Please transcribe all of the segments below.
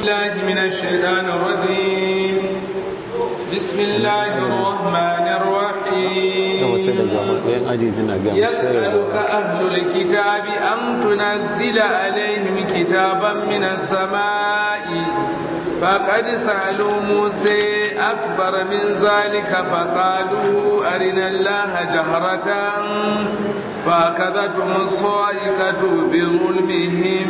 بالله من الشيطان الرجيم بسم الله الرحمن الرحيم يسألك أهل الكتاب أن تنزل عليهم كتابا من السماء فقد سألوا موسى أكبر من ذلك فقالوا أرنا الله جهرة فأخذتهم الصائقة بظلمهم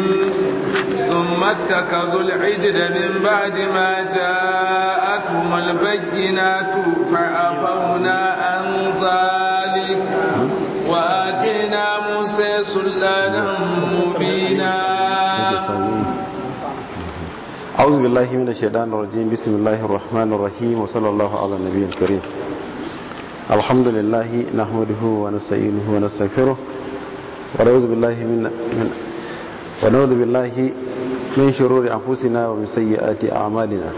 ثم اتخذوا العجل من بعد ما جاءتهم البينات فعفونا عن ذلك وآتينا موسى سلالا مبينا أعوذ بالله من الشيطان الرجيم بسم الله الرحمن الرحيم وصلى الله على النبي الكريم الحمد لله نحمده ونستعينه ونستغفره ونعوذ بالله من ونعوذ بالله من شرور انفسنا ومن سيئات اعمالنا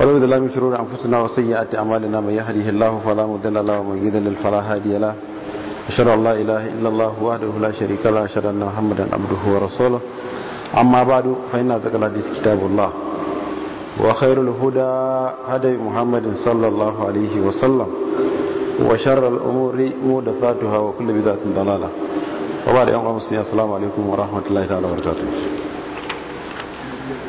ونعوذ بالله من شرور انفسنا وسيئات اعمالنا من يهده الله فلا مضل له ومن يضلل فلا هادي له أشهد أن لا إله إلا الله وحده لا شريك له أشهد أن محمدا عبده ورسوله أما بعد فإن أصدق الحديث كتاب الله وخير الهدى هدي محمد صلى الله عليه وسلم وشر الأمور مدثاتها وكل بذات ضلالة وبعد يوم قمسي السلام عليكم ورحمة الله تعالى وبركاته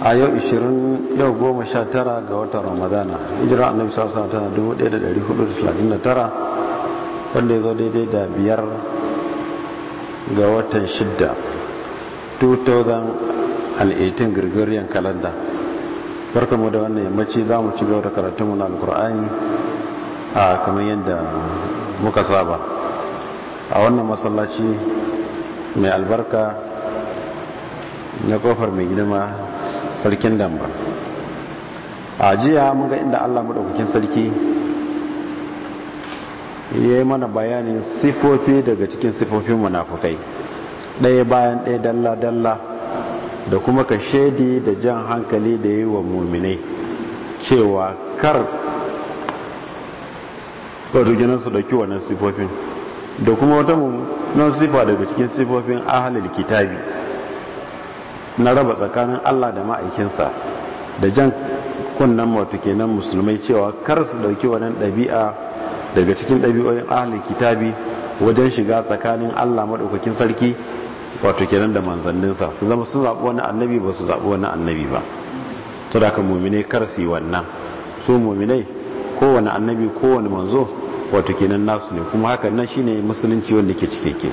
a yau 20 yau goma sha tara ga watan ramadana hijira annabi hudu da wasallam da tara wanda ya zo daidai da biyar ga watan shidda 2018 Gregorian calendar barkamu da wannan yammaci za mu ci gaba da karatunmu na alkur'ani a kamar yadda muka saba a wannan masallaci mai albarka na kofar mai gidama sarkin damba a jiya mun ga inda allah maɗaukakin sarki ya yi mana bayanin sifofi daga cikin sifofin munafukai ɗaya bayan ɗaya dalla-dalla da kuma ka shaidi da jan hankali da yi wa mummine cewa kar ƙwarfikinan su ɗauki wannan sifofin da kuma wata mummunan sifa daga cikin sifofin ahalil kitabi na raba tsakanin allah da ma'aikinsa da jan kunnan wato kenan musulmai cewa kar su ɗauki wannan ɗabi'a daga cikin ɗabi'o'in ahalil kitabi wajen shiga tsakanin allah maɗaukakin sarki wato kenan da manzanninsa su zama sun zaɓi wani annabi ba su zaɓi wani annabi ba to da ka muminai kar su yi wannan su muminai kowane annabi kowane manzo wato kenan nasu ne kuma haka nan shine musulunci wanda ke ke.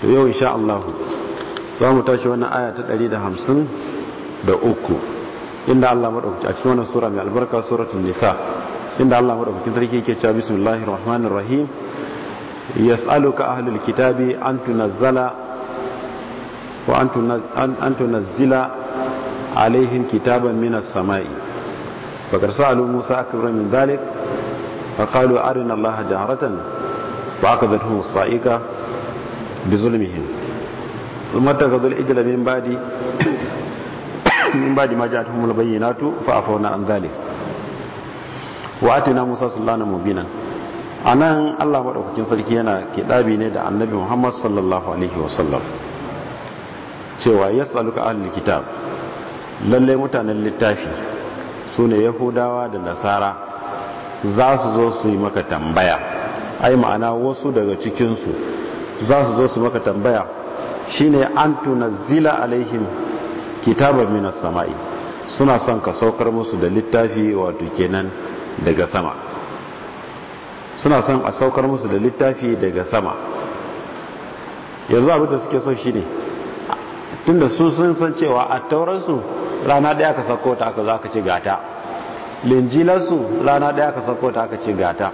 to yau insha Allah za mu tashi wannan aya ta 153 inda Allah madaukaki a cikin wannan sura mai albarka suratul nisa inda Allah madaukakin sarki ke cewa bismillahir rahmanir rahim yas'aluka ahlul kitabi an tunazzala wa an tunazzila alaihim kitaban minas sama'i bakar sa'alu musa akbar min dhalik fa qalu arina allaha jahratan fa akadathum as-sa'iqa bi zulmihim thumma takadul ijla min ba'di min ba'di ma ja'atuhum al-bayyinatu fa afawna an dhalik musa anan Allah madaukakin sarki yana ɗabi ne da annabi Muhammad sallallahu alaihi wasallam cewa ya yas'aluka ahlul kitab lalle mutanen littafi su ne yahudawa da nasara za su zo su yi maka tambaya ai ma'ana wasu daga cikinsu za su zo su maka tambaya shi ne an tuna zila alaihim kitabar minas sama'i suna son ka saukar musu da littafi wato kenan daga sama suna son a saukar musu da littafi daga sama yanzu abin da suke so ne. tunda su sun san cewa a tauransu rana daya ka sako ta aka za ka ci gata linjilarsu rana daya ka sako ta aka ci gata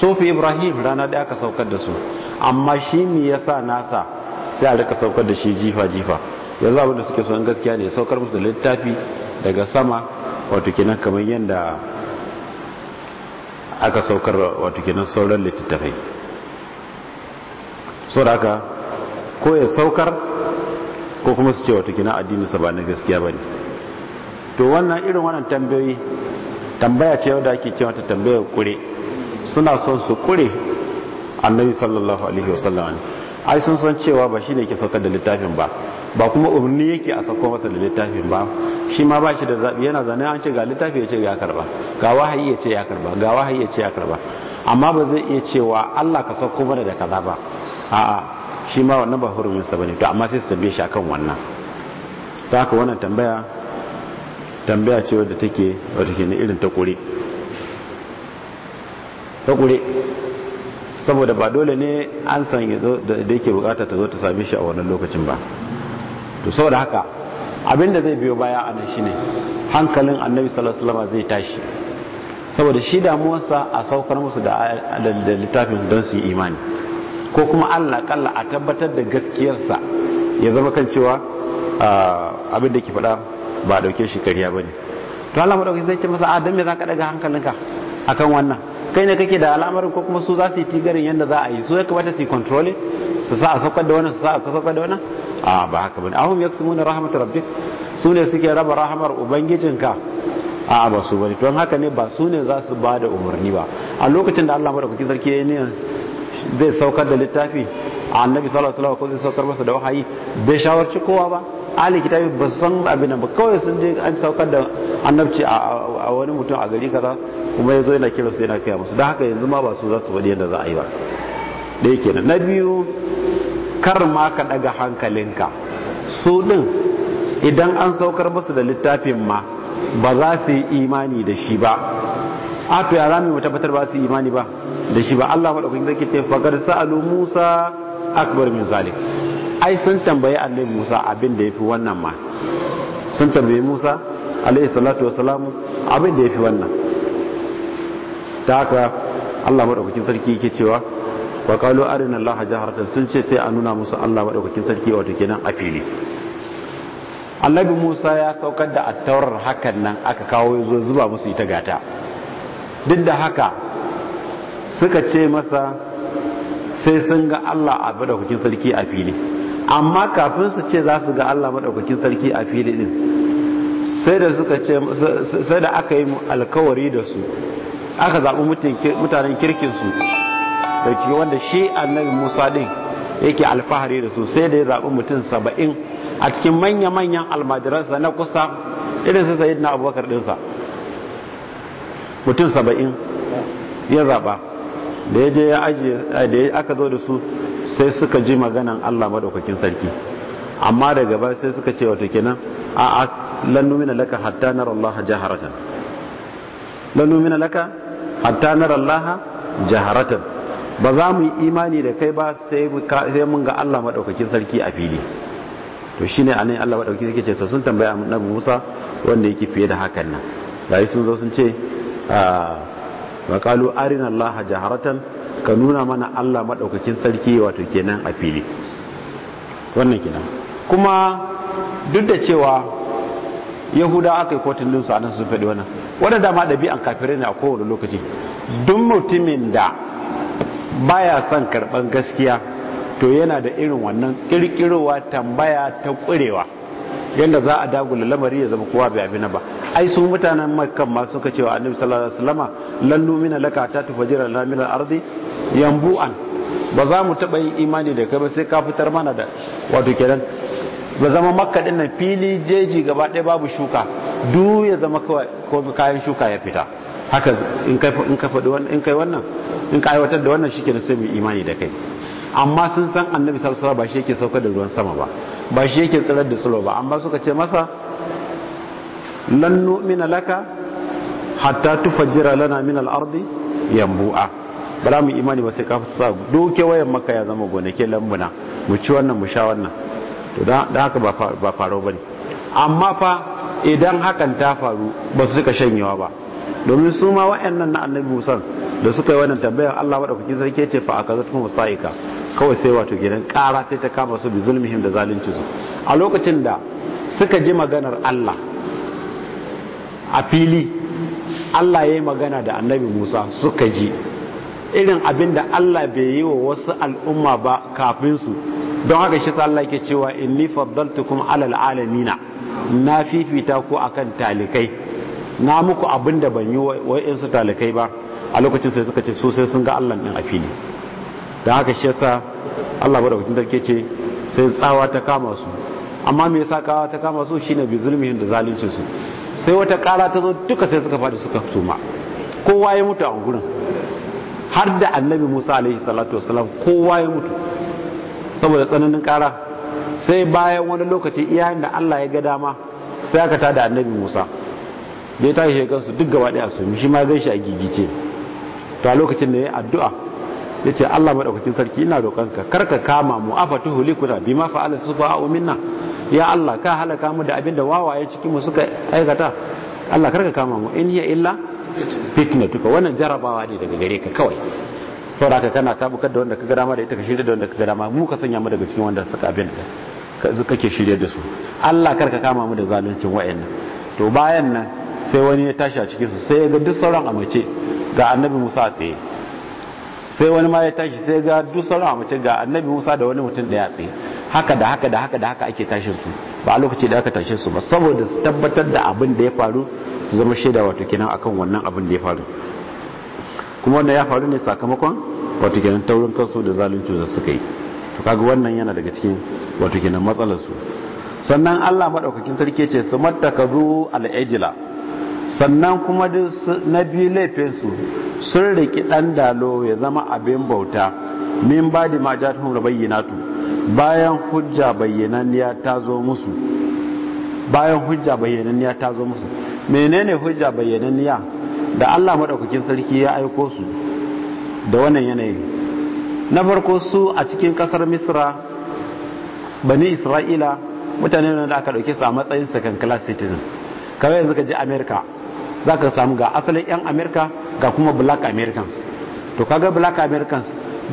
sofi ibrahim rana daya ka saukar da su amma shi ne ya sa nasa sai a rika saukar da shi jifa-jifa ya za da suke son gaskiya ne saukar musu da littafi daga sama wato kinan kamar yadda aka saukar wato kinan sauran littattafai so da haka ko ya saukar ko kuma su ce wata kina addinin sa ba na gaskiya ba ne. to wannan irin wannan tambayoyi tambaya ce wadda ake cewa ta tambayar kure suna son su kure annabi sallallahu alaihi wasallam ne ai sun san cewa ba shine yake saukar da littafin ba ba kuma umarni yake a sauko masa da littafin ba shi ma ba shi da zaɓi yana zane an ce ga littafi ya ce ya karba ga wahayi ya ce ya karba ga wahayi ya ce ya karba amma ba zai iya cewa Allah ka sauko mana da kaza ba a'a shi ma wannan ba hurumin ba ne to amma sai su tambaye shi akan wannan ta haka wannan tambaya tambaya ce wadda take wadda ke na irin takure takure saboda ba dole ne an san da yake bukata ta zo ta same shi a wannan lokacin ba to saboda haka abinda zai biyo baya a nan shine hankalin annabi sallallahu alaihi wasallam zai tashi saboda shi damuwarsa a saukar musu da littafin don su yi imani ko kuma allah kalla a tabbatar da gaskiyarsa ya zama kan cewa abin da ke faɗa ba a shi karya ba ne to allah maɗauki zai ce masa adam me za ka ɗaga hankalinka akan wannan kai ne kake da al'amarin ko kuma su za su yi tigarin yadda za a yi su ya kamata su yi control su sa a saukar da wannan su sa a saukar da wannan a ba haka bane ahum yaksumuna rahmatar rabbik su ne suke raba rahamar ubangijinka a ba su bane don haka ne ba su ne za su ba da umarni ba a lokacin da Allah madaukaki sarki ya ne zai saukar da littafi a annabi sallallahu alaihi ko zai saukar masa da wahayi bai shawarci kowa ba ahli kitabi ba san abin ba kawai sun je an saukar da annabci a wani mutum a gari kaza kuma yazo yana kira su yana kai musu don haka yanzu ma ba su za su faɗi yadda za a yi ba da yake na biyu kar ma ka daga hankalinka su din idan an saukar musu da littafin ma ba za su yi imani da shi ba a to ya rami mu tabbatar ba su imani ba da shi ba Allah madaukakin zai ke faqad sa'alu Musa akbar min zalik ai sun tambayi annabi Musa abin da fi wannan ma sun tambayi Musa alaihi salatu wa salamu abin da fi wannan ta haka Allah madaukakin sarki ke cewa wa qalu arin Allah jaharatan sun ce sai a nuna musu Allah madaukakin sarki wato kenan a fili annabi Musa ya saukar da attaurar hakan nan aka kawo zuwa zuba musu ita gata duk da haka suka ce masa sai sun ga Allah a madaukakin sarki a fili amma kafin su ce za su ga Allah madaukakin sarki a fili din sai da suka ce sai da aka yi alkawari da su aka zaɓi mutanen kirkin su da cikin wanda shi annabi Musa din yake alfahari da su sai da ya zaɓi mutum saba'in a cikin manya-manyan almajiransa na kusa irin su sayi na abubakar dinsa mutum saba'in ya zaɓa da ya je ya ajiye eh, da aka zo da su sai suka ji maganan Allah madaukakin sarki amma da gaba sai suka ce wato kenan a lan numina laka hatta nara Allah jaharatan lan numina laka hatta nara Allah jaharatan ba za mu yi imani da kai ba sai mun ga Allah madaukakin sarki a fili to shine anan Allah madaukakin sarki ce to sun tambaya annabi Musa wanda yake fiye da hakan nan gayi sun zo sun ce ah, wa qalu arina allaha jaharatan ka nuna mana Allah maɗaukacin sarki wato kenan a fili wannan kenan kuma duk da cewa yahuda aka yi kotun dinsu a nan sun faɗi wannan wadda dama ɗabi'an kafire ne a kowane lokaci duk mutumin da baya son karɓar gaskiya to yana da irin wannan ƙirƙirowa tambaya ta ƙurewa yadda za a dagula lamari ya zama kowa bai abin ba ai sun mutanen makkan ma suka cewa annabi sallallahu alaihi wasallama lallu mina laka ta tufajira lana min al-ardi yambu'an ba za mu taba yin imani da kai ba sai ka fitar mana da wato kenan ba zama makka din nan fili jeji gaba ɗaya babu shuka du ya zama ko kayan shuka ya fita haka in kai in ka faɗi wannan in kai wannan in ka aiwatar da wannan shikenan sai mu imani da kai amma sun san annabi sallallahu alaihi wasallam ba shi yake sauka da ruwan sama ba ba shi yake tsirar da tsiro ba amma suka ce masa lannu min alaka hatta tufajjira lana min al'ardi yambu'a ba za mu imani ba sai kafa sa doke wayan maka ya zama gonake lambuna mu ci wannan mu sha wannan to da haka ba faru bane amma fa idan hakan ta faru ba su suka shanyewa ba domin su ma wa'annan na annabi musa da suka yi wannan tambayar Allah madaukakin sarki ce fa a akazatuhum sa'ika kawai sai wato gidan kara sai ta kama su bi zulmihim da zalunci su a lokacin da suka ji maganar Allah a fili Allah ya yi magana da annabi Musa suka ji irin abin da Allah bai yi wa wasu al'umma ba kafin su don haka shi Allah ke cewa inni faddaltukum alal alamina na fifita ku akan talikai na muku abin da ban yi wa'insu talikai ba a lokacin sai suka ce su sai sun ga Allah ɗin a fili da haka shi yasa Allah madaukakin tarke ce sai tsawa ta kama su amma me sa kawa ta kama su shine bi zulmihin da zalunci su sai wata kara ta zo duka sai suka fadi suka suma kowa ya mutu a gurin har da annabi Musa alaihi salatu wasalam kowa ya mutu saboda tsananin kara sai bayan wani lokaci iyayen da Allah ya ga dama sai aka tada annabi Musa da ya tashi ya su duk gaba daya su shi ma zai shi a gigice to a lokacin da ya addu'a ya ce Allah madaukakin sarki ina roƙonka kar ka kama mu afatu hulikuna bima fa'ala omin minna ya Allah ka halaka mu da abin da wawaye cikin mu suka aikata Allah kar ka kama mu in yi illa tuka wannan jarabawa ne daga gare ka kawai saboda haka kana tabukar da wanda ka gada ma da ita ka shirya da wanda ka gada ma mu ka sanya mu daga cikin wanda suka abin kake shirya da su Allah kar ka kama mu da zaluncin wa'annan to bayan nan sai wani ya tashi a cikinsu sai ya ga duk sauran a mace ga annabi musa a tsaye sai wani ma ya tashi sai ga duk sauran a mace ga annabi musa da wani mutum daya ya tsaye haka da haka da haka da haka ake tashin su ba a lokaci da aka tashe su ba saboda su tabbatar da abin da ya faru su zama shaida wato kenan akan wannan abin da ya faru kuma wannan ya faru ne sakamakon wato kenan taurin kansu da zalunci da suka yi to kaga wannan yana daga cikin wato kenan matsalar su sannan Allah madaukakin sarki ce su mattakazu al-ijla sannan kuma na biyu laifinsu sun riki ɗan dalo ya zama abin bauta min ba da majatun da bayyanatu bayan hujja bayyananniya ta zo musu bayan hujja bayyananniya ta zo musu menene hujja bayyananniya da Allah maɗaukakin sarki ya aiko su da wannan yanayi na farko su a cikin ƙasar misra bani isra'ila mutane da aka ɗauke su a matsayin second class citizen kawai yanzu ka je america za ka samu ga asalin 'yan amerika ga kuma black americans to kaga black americans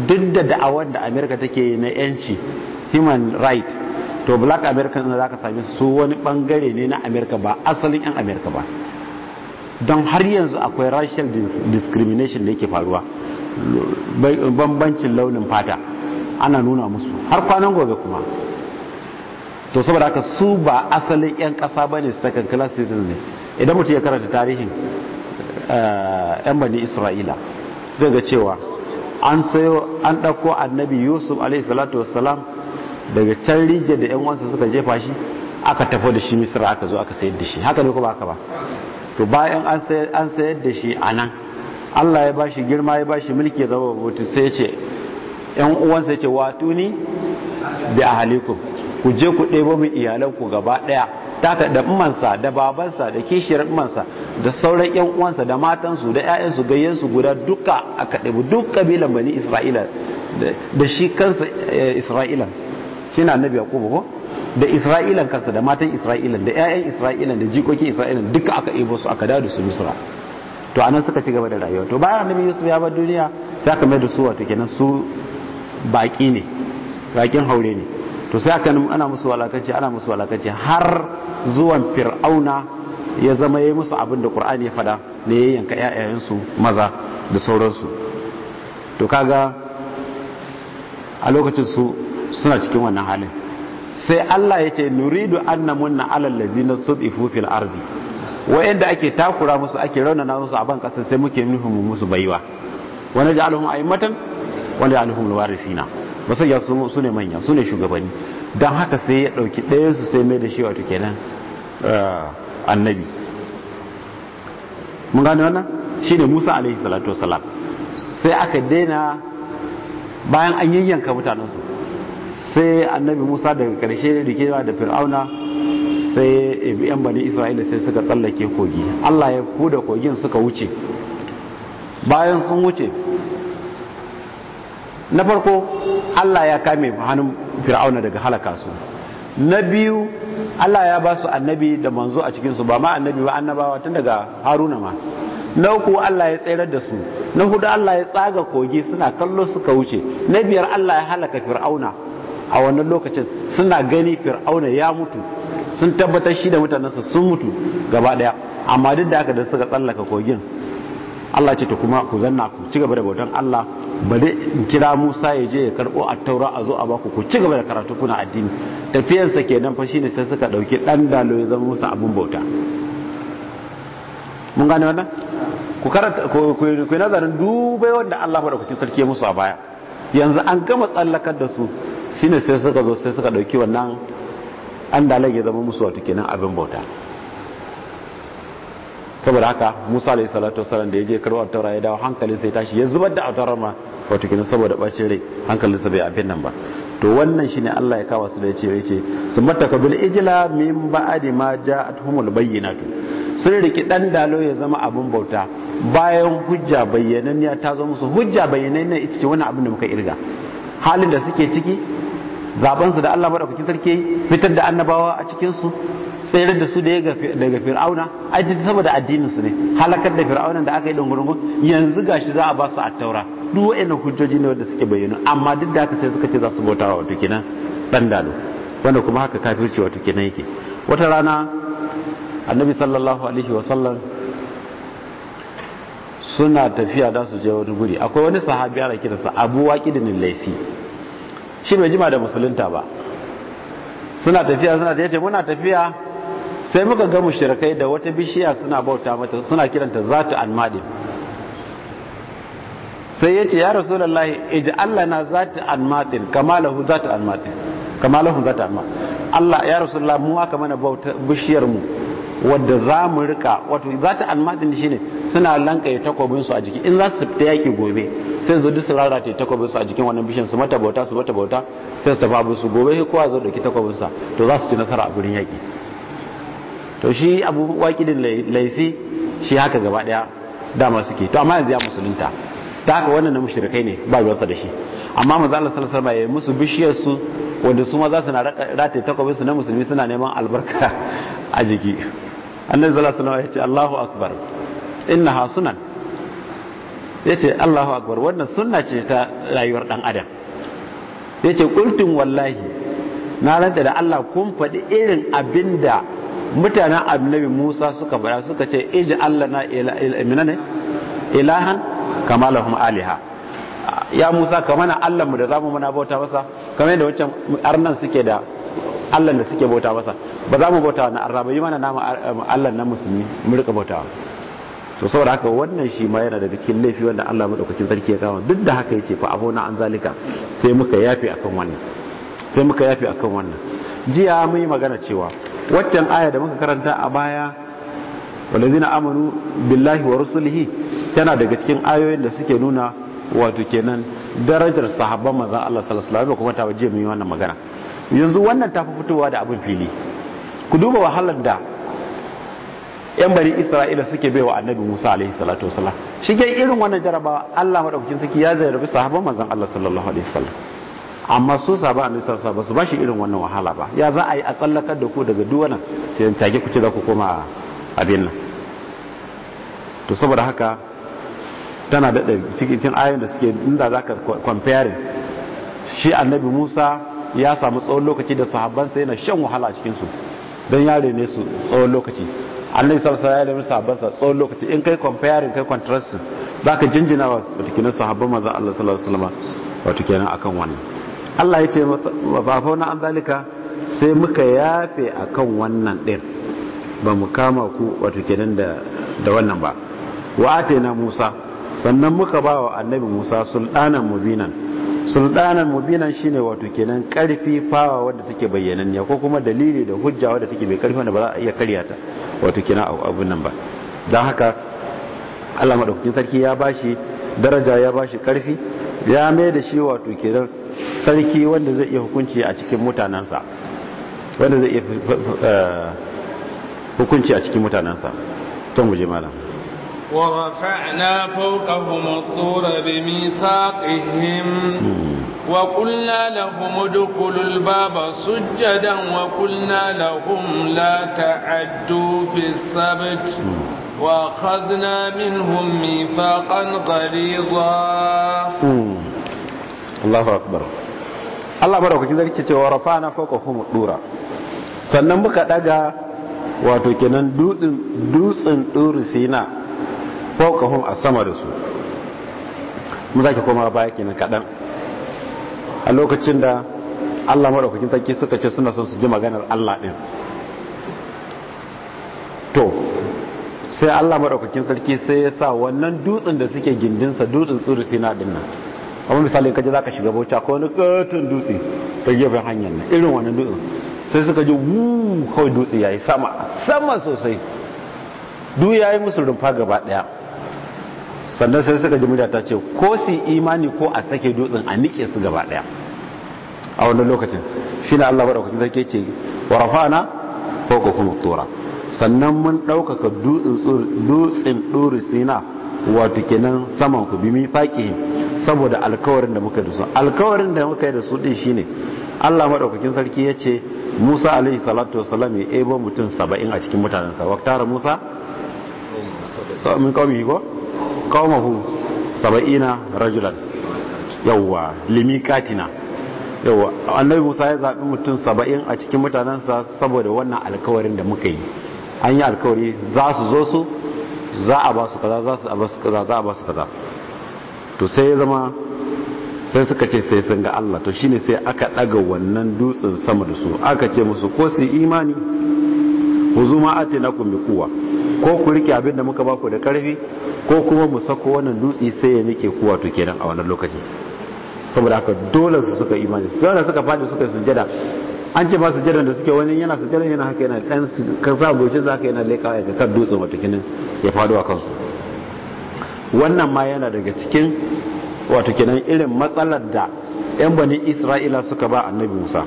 duk da da'awar da amerika take na 'yanci human right to black americans za ka sami su wani bangare ne na amerika ba asalin 'yan amerika ba don har yanzu akwai racial discrimination da yake faruwa bambancin launin fata ana nuna musu har kwanan gobe kuma to saboda haka su ba asalin 'yan ƙasa ba ne second class citizens ne idan mutum ya karanta tarihin eh, yan bani isra'ila zai ga cewa an sayo an ɗauko annabi yusuf alaihi wassalam daga can rijiyar da 'yan wansa suka jefa shi aka tafi da shi misra aka zo aka sayar da shi haka ne kuma aka ba to bayan an sayar da shi a nan allah ya ba shi girma ya ba shi mulki ya zama babutu sai ce 'yan uwansa ya ce watuni ni a haliku, ku je ku ɗebo min iyalanku gaba ɗaya taka da ummansa da babansa da kishiyar ummansa da sauran yan uwansa da matansu da ƴaƴansu gayyansu guda duka aka ɗabi duk kabilan bani isra'ila da shi kansa eh, isra'ilan shi na annabi yakubu ko da isra'ilan kansa da matan isra'ilan da ƴaƴan isra'ilan da jikokin isra'ilan duka aka ibo su aka dawo su misra to anan suka ci gaba da rayuwa to bayan annabi yusuf ya bar duniya sai aka mai da su wato kenan su baki ne bakin haure ne to sai aka ana musu walakanci ana musu walakanci har zuwan fir'auna ya zama yayi musu abin da qur'ani ya fada ne ya yanka ƴaƴayensu maza da sauransu to kaga a lokacin su suna cikin wannan halin sai Allah ya ce nuridu munna alal ladzina tud'ifu fil ardi wainda ake takura musu ake raunana musu a ban kasa sai muke nufin musu baiwa wani ja'aluhum a'immatan wani ja'aluhum alwarisina masanya su ne manya su ne shugabanni don haka sai ya ɗauki su sai mai da shi wato kenan eh, annabi mun gane wannan shi ne musa alaihi salatu wasalam sai aka daina bayan an yayyanka mutanensu sai annabi musa daga karshe ƙarshe rikewa da fir'auna sai yan bani isra'ila sai suka tsallake kogi allah ya kuda kogin suka wuce bayan sun wuce na farko Allah ya kame hannun fir'auna daga halaka su na biyu Allah ya ba su annabi da manzo a cikin su ba ma annabi ba annabawa tun daga haruna ma na uku Allah ya tsayar da su na hudu Allah ya tsaga kogi suna kallo suka wuce na biyar Allah ya halaka fir'auna a wannan lokacin suna gani fir'auna ya mutu sun tabbatar shi da mutanensa sun mutu gaba daya amma duk da haka da suka tsallaka kogin Allah ce ta kuma ku zanna ku ci gaba da bautan Allah ba dai in kira Musa ya je ya karbo attaura a zo a baku ku ci gaba da karatu kuna addini tafiyansa kenan fa shine sai suka dauki dan dalo ya zama musu abun bauta mun gane wannan ku karanta ku nazarin dubai wanda Allah madaukakin sarki musu a baya yanzu an gama tsallakar da su shine sai suka zo sai suka dauki wannan an ya zama musu wato kenan abin bauta saboda haka musa alayhi salatu wasallam da ya je karɓar taura ya dawo hankalin sai tashi ya zubar da autarar ma wato saboda bacin rai hankalin sa bai abin nan ba to wannan shine Allah ya kawo su da yace yace bil ijla min ba'di ma ja'atuhumul bayyinatu sun riki dan dalo ya zama abin bauta bayan hujja bayyananniya ta zo musu hujja bayyananniya ita ce wannan abin da muka irga halin da suke ciki zaben su da Allah madaukakin sarki fitar da annabawa a cikin su tsayar da su daga fir'auna ai duk saboda addinin su ne halakar da fir'auna da aka yi dungurungun yanzu gashi za a ba su attaura duk wa'annan hujjoji ne wanda suke bayyana amma duk da haka sai suka ce za su bauta wa wato kenan dan dalo wanda kuma haka kafirci wato kenan yake wata rana annabi sallallahu alaihi wa sallam suna tafiya da su je wani guri akwai wani sahabi ana kiransa Abu Waqidin Laisi shi bai jima da musulunta ba suna tafiya suna ta yace muna tafiya sai muka ga mushirkai da wata bishiya suna bauta mata suna kiranta zatu almadin sai yace ya rasulullahi ij'al na zatu almadin kama lahu zatu almadin kama lahu zatu almadin Allah ya rasulullahi mu haka mana bauta bishiyar mu wadda za mu rika wato zatu almadin shine suna lankaye takobin su a jiki in za su fita yaki gobe sai zo duk su rarrate takobin su a jikin wannan bishiyar su mata bauta su mata bauta sai su tafi su gobe kowa zo dauki takobin sa to za su ci nasara a gurin yaki to shi abu waƙidin laifi shi haka gaba daya dama suke to amma yanzu ya musulunta ta haka wannan na mushrikai ne ba ruwansa da shi amma maza Allah sallallahu alaihi wasallam musu bishiyar su wanda su ma za su na rataye takwabin su na musulmi suna neman albarka a jiki annabi sallallahu alaihi wasallam ya ce Allahu akbar innaha sunan yace Allahu akbar wannan sunna ce ta rayuwar dan adam yace qultum wallahi na ranta da Allah kun faɗi irin abinda mutanen annabi Musa suka baya suka ce iji Allah na ilamina ne ilahan kama lahum aliha ya Musa kama na Allah mu da zamu muna bauta masa kamar yadda wancan arnan suke da Allah da suke bauta masa ba za mu bauta na arna bai mana nama Allah na musulmi mu rika bauta to saboda haka wannan shi ma yana daga cikin laifi wanda Allah madaukakin sarki ya kawo duk da haka yace fa abona an zalika sai muka yafi akan wannan sai muka yafi akan wannan jiya mun yi magana cewa waccan aya da muka karanta a baya walazina amanu billahi wa rusulihi tana daga cikin ayoyin da suke nuna wato kenan darajar sahabban manzon Allah sallallahu alaihi wasallam kuma ta waje mai wannan magana yanzu wannan ta fitowa da abin fili ku duba wahalar da yan bari Isra'ila suke baiwa Annabi Musa alaihi salatu wasallam shi irin wannan jarabawa Allah madaukakin saki ya zarabi sahabban manzon Allah sallallahu alaihi wasallam amma su saba a sallallahu ba su bashi irin wannan wahala ba ya za a yi a tsallakar da ku daga duwana sai yin tage ku za ku koma abin nan to saboda haka tana da cikin ayon da suke inda za ka comparing shi annabi musa ya samu tsawon lokaci da sahabbansa yana shan wahala a cikinsu don yare ne su tsawon lokaci annabi ya alaihi wasallam sahabbansa tsawon lokaci in kai comparing kai za ka jinjina wa watakilan sahabban manzon Allah sallallahu alaihi wasallam wato kenan akan wannan Allah ya ce ba na an zalika sai muka yafe akan wannan din ba mu kama ku wato kenan da da wannan ba wa na Musa sannan muka ba wa annabi Musa sultanan mubinan sultanan mubinan shine wato kenan karfi fawa wanda take bayyananne ko kuma dalili da hujja wanda take mai karfi wanda ba za a iya karya ta wato kenan abun nan ba don haka Allah madaukakin sarki ya bashi daraja ya bashi karfi ya mai da shi wato kenan sarki wanda zai iya hukunci a cikin mutanansa wanda zai iya eh, hukunci a cikin mutanansa tun guje mana warafa'na fawqahum at-tur bimithaqihim hmm. wa qulna lahum udkhulul baba sujadan wa qulna lahum la ta'addu fis-sabt hmm. wa akhadna minhum mithaqan ghalidha hmm. Allahu akbar Allah madaukakin sarki ce wa rafa'na fawqahum dura sannan muka daga wato kenan dutsin dutsin duri sina hum a sama da su mu zaki koma baya kenan kadan a lokacin da Allah madaukakin sarki suka ce suna son su ji maganar Allah din to sai Allah madaukakin sarki sai ya sa wannan dutsen da suke gindinsa dutsen tsuri sina nan amma misali kaje zaka shiga bauta ko wani katon dutse sai gefen hanyar nan irin wannan dutsen sai suka ji wu kawai dutse yayi sama sama sosai du yayi musu rumfa gaba daya sannan sai suka ji murya ta ce ko su imani ko a sake dutsen a nike su gaba daya a wannan lokacin shi na Allah madaukakin sarki ce wa rafa'na fawqa kullu tura sannan mun ɗaukaka dutsen dutsen duri sina wato kenan saman ku bimi faƙi saboda alkawarin da muka yi da su alkawarin da muka yi da su din shine Allah madaukakin sarki ya ce Musa alaihi salatu wasalam ya ebo mutum saba'in a cikin mutanen sa waktara Musa min kawmi ko kawmahu saba'ina rajulan yawwa limikatina yawwa annabi Musa ya zabi mutum saba'in a cikin mutanen sa saboda wannan alkawarin da muka yi an yi alkawari za su zo su za a ba su kaza za su ba su kaza za a ba su kaza to sai ya zama sai suka ce sai sun ga Allah to shine sai aka daga wannan dutsen sama da su aka ce musu ko su imani ku zuma na ku kuwa ko ku rike abin da muka ba ku da karfi ko kuma mu sako wannan dutse sai ya nike kuwa to kenan a wannan lokacin saboda haka dole su suka imani sai suka fadi suka sujada an ce ba jiran da suke wani yana su jiran yana haka yana dan ka goshi za ka yana leka ya kan dutsen wata ya faɗo a kansu wannan ma yana daga cikin wato kinan irin matsalar da yan bani isra'ila suka ba annabi musa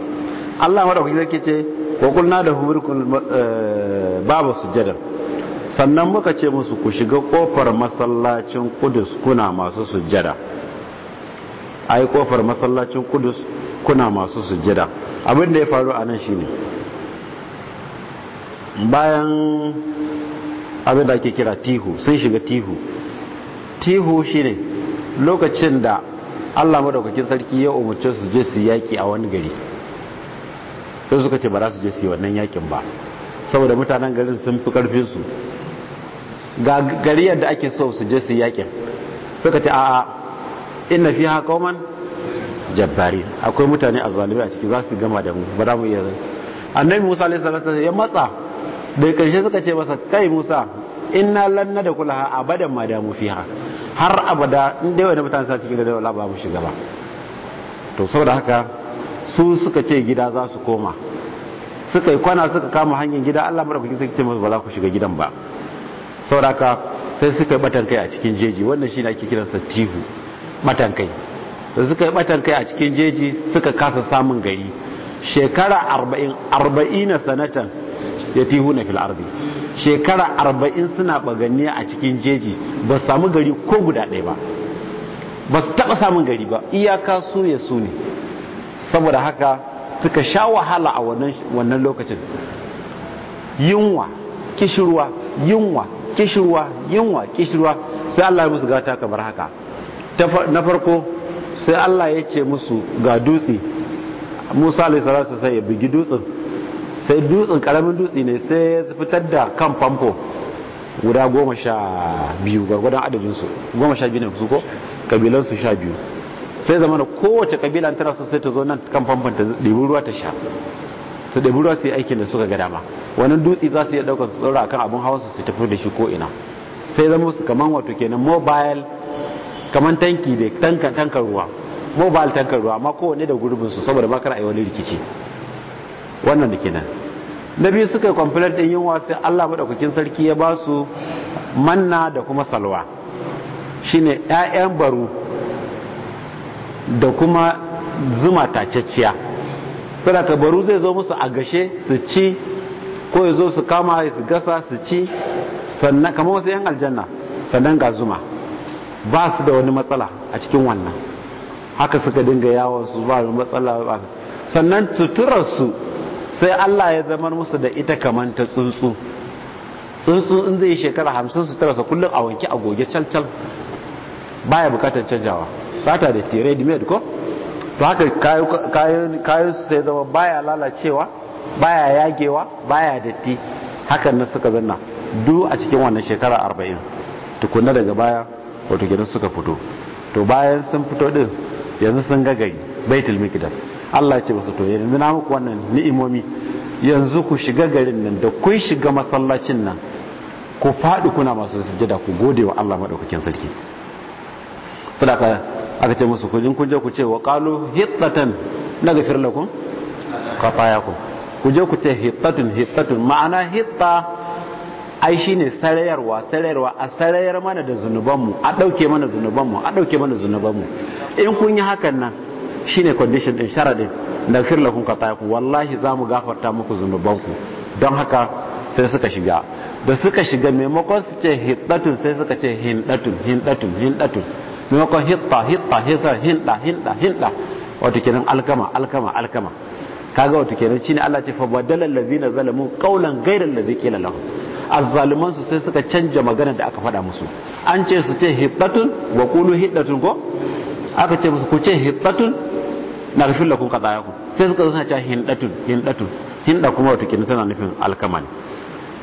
allah madaukaki sarki ce wa kulna da humurkun eh, babu jiran sannan muka ce musu ku shiga kofar masallacin kudus kuna masu ai kofar masallacin kudus kuna masu sujada. abin da ya faru a nan shi ne bayan abin da ake kira tihu sun shiga tihu tihu shi ne lokacin da allah madaukakin sarki ya umarci su je su yaƙi a wani gari sai suka ce ba za su je su yi wannan yaƙin ba saboda mutanen garin sun fi ƙarfinsu ga gari yadda ake so su je su yaƙin suka ce a'a inna fi haƙoman jabbari akwai mutane a zalibai a ciki za su gama da mu ba za mu iya zai annai musa alaihi salatu ya matsa da karshe suka ce masa kai musa inna lanna da kulaha abadan ma da mu ha har abada in dai wani mutane sa cikin da wala ba mu shiga ba to saboda haka su suka ce gida za su koma suka yi kwana suka kama hanyar gida Allah madaukakin suka ce ba za ku shiga gidan ba saboda haka sai suka yi batan kai a cikin jeji wannan shine ake kiransa tihu batan kai da suka yi batan kai a cikin jeji suka kasa samun gari shekara arba'in arba'ina sanatan ya tihu na filarbi shekara arba'in suna bagani a cikin jeji ba samu gari ko guda ɗaya ba ba su taɓa samun gari ba iyaka su ya su ne saboda haka suka sha wahala a wannan lokacin yunwa kishirwa yunwa kishirwa yunwa kishirwa sai Allah ya musu gata kamar haka na farko sai Allah ya ce musu ga dutse Musa alaihi sai ya bugi dutsen sai dutsen karamin dutse ne sai ya fitar da kan famfo guda goma sha biyu gwargwadon adadinsu goma sha biyu ne su ko kabilansu sha biyu sai zama da kowace kabila tana so sai ta zo nan kan famfon ta ɗebi ruwa ta sha su ɗebi ruwa su yi aikin da suka ga dama wannan dutse za su iya ɗaukar su tsaura akan abin hawan su tafi da shi ko ina sai zama su kaman wato kenan mobile kamar tanki da tankan tankan ruwa ba al tankan ruwa amma kowanne da gurbin su saboda bakar ayi wani rikici wannan da kenan na biyu suka complain din yunwa sai Allah madaukakin sarki ya ba su manna da kuma salwa shine ƴaƴan baro da kuma zuma tacecciya ka baro zai zo musu a gashe su ci ko ya zo su kama su gasa su ci sannan kamar wasu yan aljanna sannan ga zuma ba su da wani matsala a cikin wannan haka suka dinga yawon su ba da matsala ba sannan suturarsu sai Allah ya zama musu da ita kamar ta tsuntsu tsuntsu in zai yi shekara hamsin su tarasa kullum a wanke a goge calcal ya bukatar canjawa sata da tere da med ko to haka kayan su sai zama baya lalacewa baya yagewa baya datti hakan na suka zanna du a cikin wannan shekara arba'in tukuna daga baya wato gidan suka fito to bayan sun fito din yanzu sun ga gari baitul mikdas Allah ce musu to yanzu na muku wannan ni'imomi yanzu ku shiga garin nan da kun shiga masallacin nan ku faɗi kuna masu sujada ku gode wa Allah madaukakin sarki sadaka aka ce musu kujin kun je ku ce wa qalu hittatan nagfir lakum qatayakum ku je ku ce hittatun hittatun ma'ana hitta ai shine sarayarwa sarayarwa a sarayar mana da zunubanmu a ɗauke mana zunubanmu a ɗauke mana zunubanmu in kun yi hakan nan shine condition din sharadin da fir lakum qatayakum wallahi zamu gafarta muku zunubanku don haka sai suka shiga da suka shiga maimakon su ce hiddatun sai suka ce hindatun hindatun hindatun maimakon hitta hitta hisa hinda hinda hinda wato kenan alkama alkama alkama kaga wato kenan shine Allah ce fa badalal ladina zalamu qawlan ghayra alladhi qila lahum azzaluman su sai suka canja magana da aka faɗa musu an ce su ce hibbatun wa qulu hibbatun ko aka ce musu ku ce hibbatun narfin tsaya ku sai suka zo suna cewa hindatun hindatun hinda kuma wato kenan tana nufin alkama ne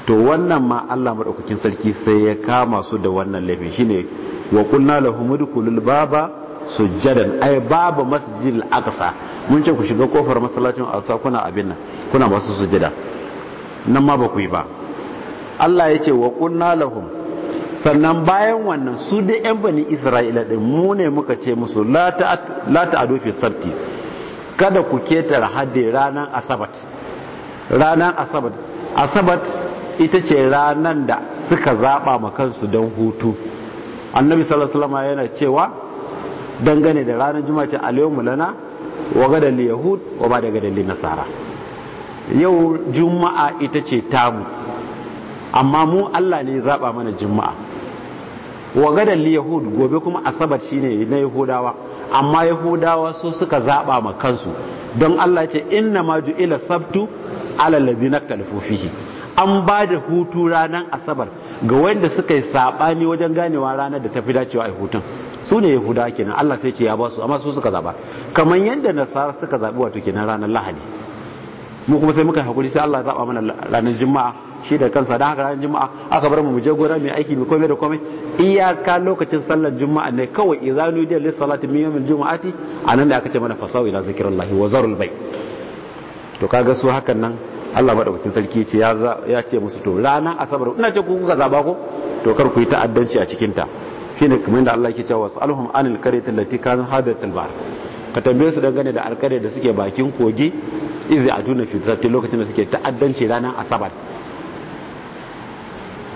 to wannan ma Allah madaukakin sarki sai ya kama su da wannan laifin shine wa qulna lahum dukulul baba sujjadan ai baba masjidil aqsa mun ce ku shiga kofar masallacin aqsa kuna abin nan kuna masu sujjada nan ma ba ku yi ba Allah ya ce wa kunna lahum sannan bayan wannan su dai yan bani isra'ila ɗin mu ne muka ce musu Lata a fi sabti kada ku ketar hadde ranar asabat ranar asabat asabat ita ce ranar da suka zaɓa ma kansu don hutu annabi salasalama yana cewa dangane da ranar juma'a ce lana wa gada liyahud, wa ba da gada li nasara yau juma'a ita ce tamu amma mu Allah ne ya zaba mana juma'a wa gadan li yahud gobe kuma asabar shine na yahudawa amma yahudawa su suka zaba ma kansu don Allah ce inna ma ju'ila sabtu ala allazina talafu fihi an ba da hutu ranar asabar ga wanda suka yi sabani wajen ganewa ranar da ta fi dacewa a hutun su ne yahudawa kenan Allah sai ce ya ba su amma su suka zaba kamar yadda nasara suka zabi wato kenan ranar lahadi mu kuma sai muka hakuri sai Allah ya zaba mana ranar juma'a shi da kansa da haka ranar juma'a aka bar mu mu je gona mai aiki mai komai da komai iyaka lokacin sallar juma'a ne kawai idza da lis salati min yawmil juma'ati anan da aka ce mana fasau ila zikrillahi wa zarul bay to kaga su hakan nan Allah madaukakin sarki ce ya ya ce musu to ranar asabar ina ce ku ga zaba ko to kar ku yi ta'addanci a cikin ta shine kamar da Allah yake cewa wasaluhum anil qaryati allati kan hadatul bar ka tambaye su dangane da alƙare da suke bakin kogi izi a tuna fitar lokacin da suke ta'addanci ranar asabar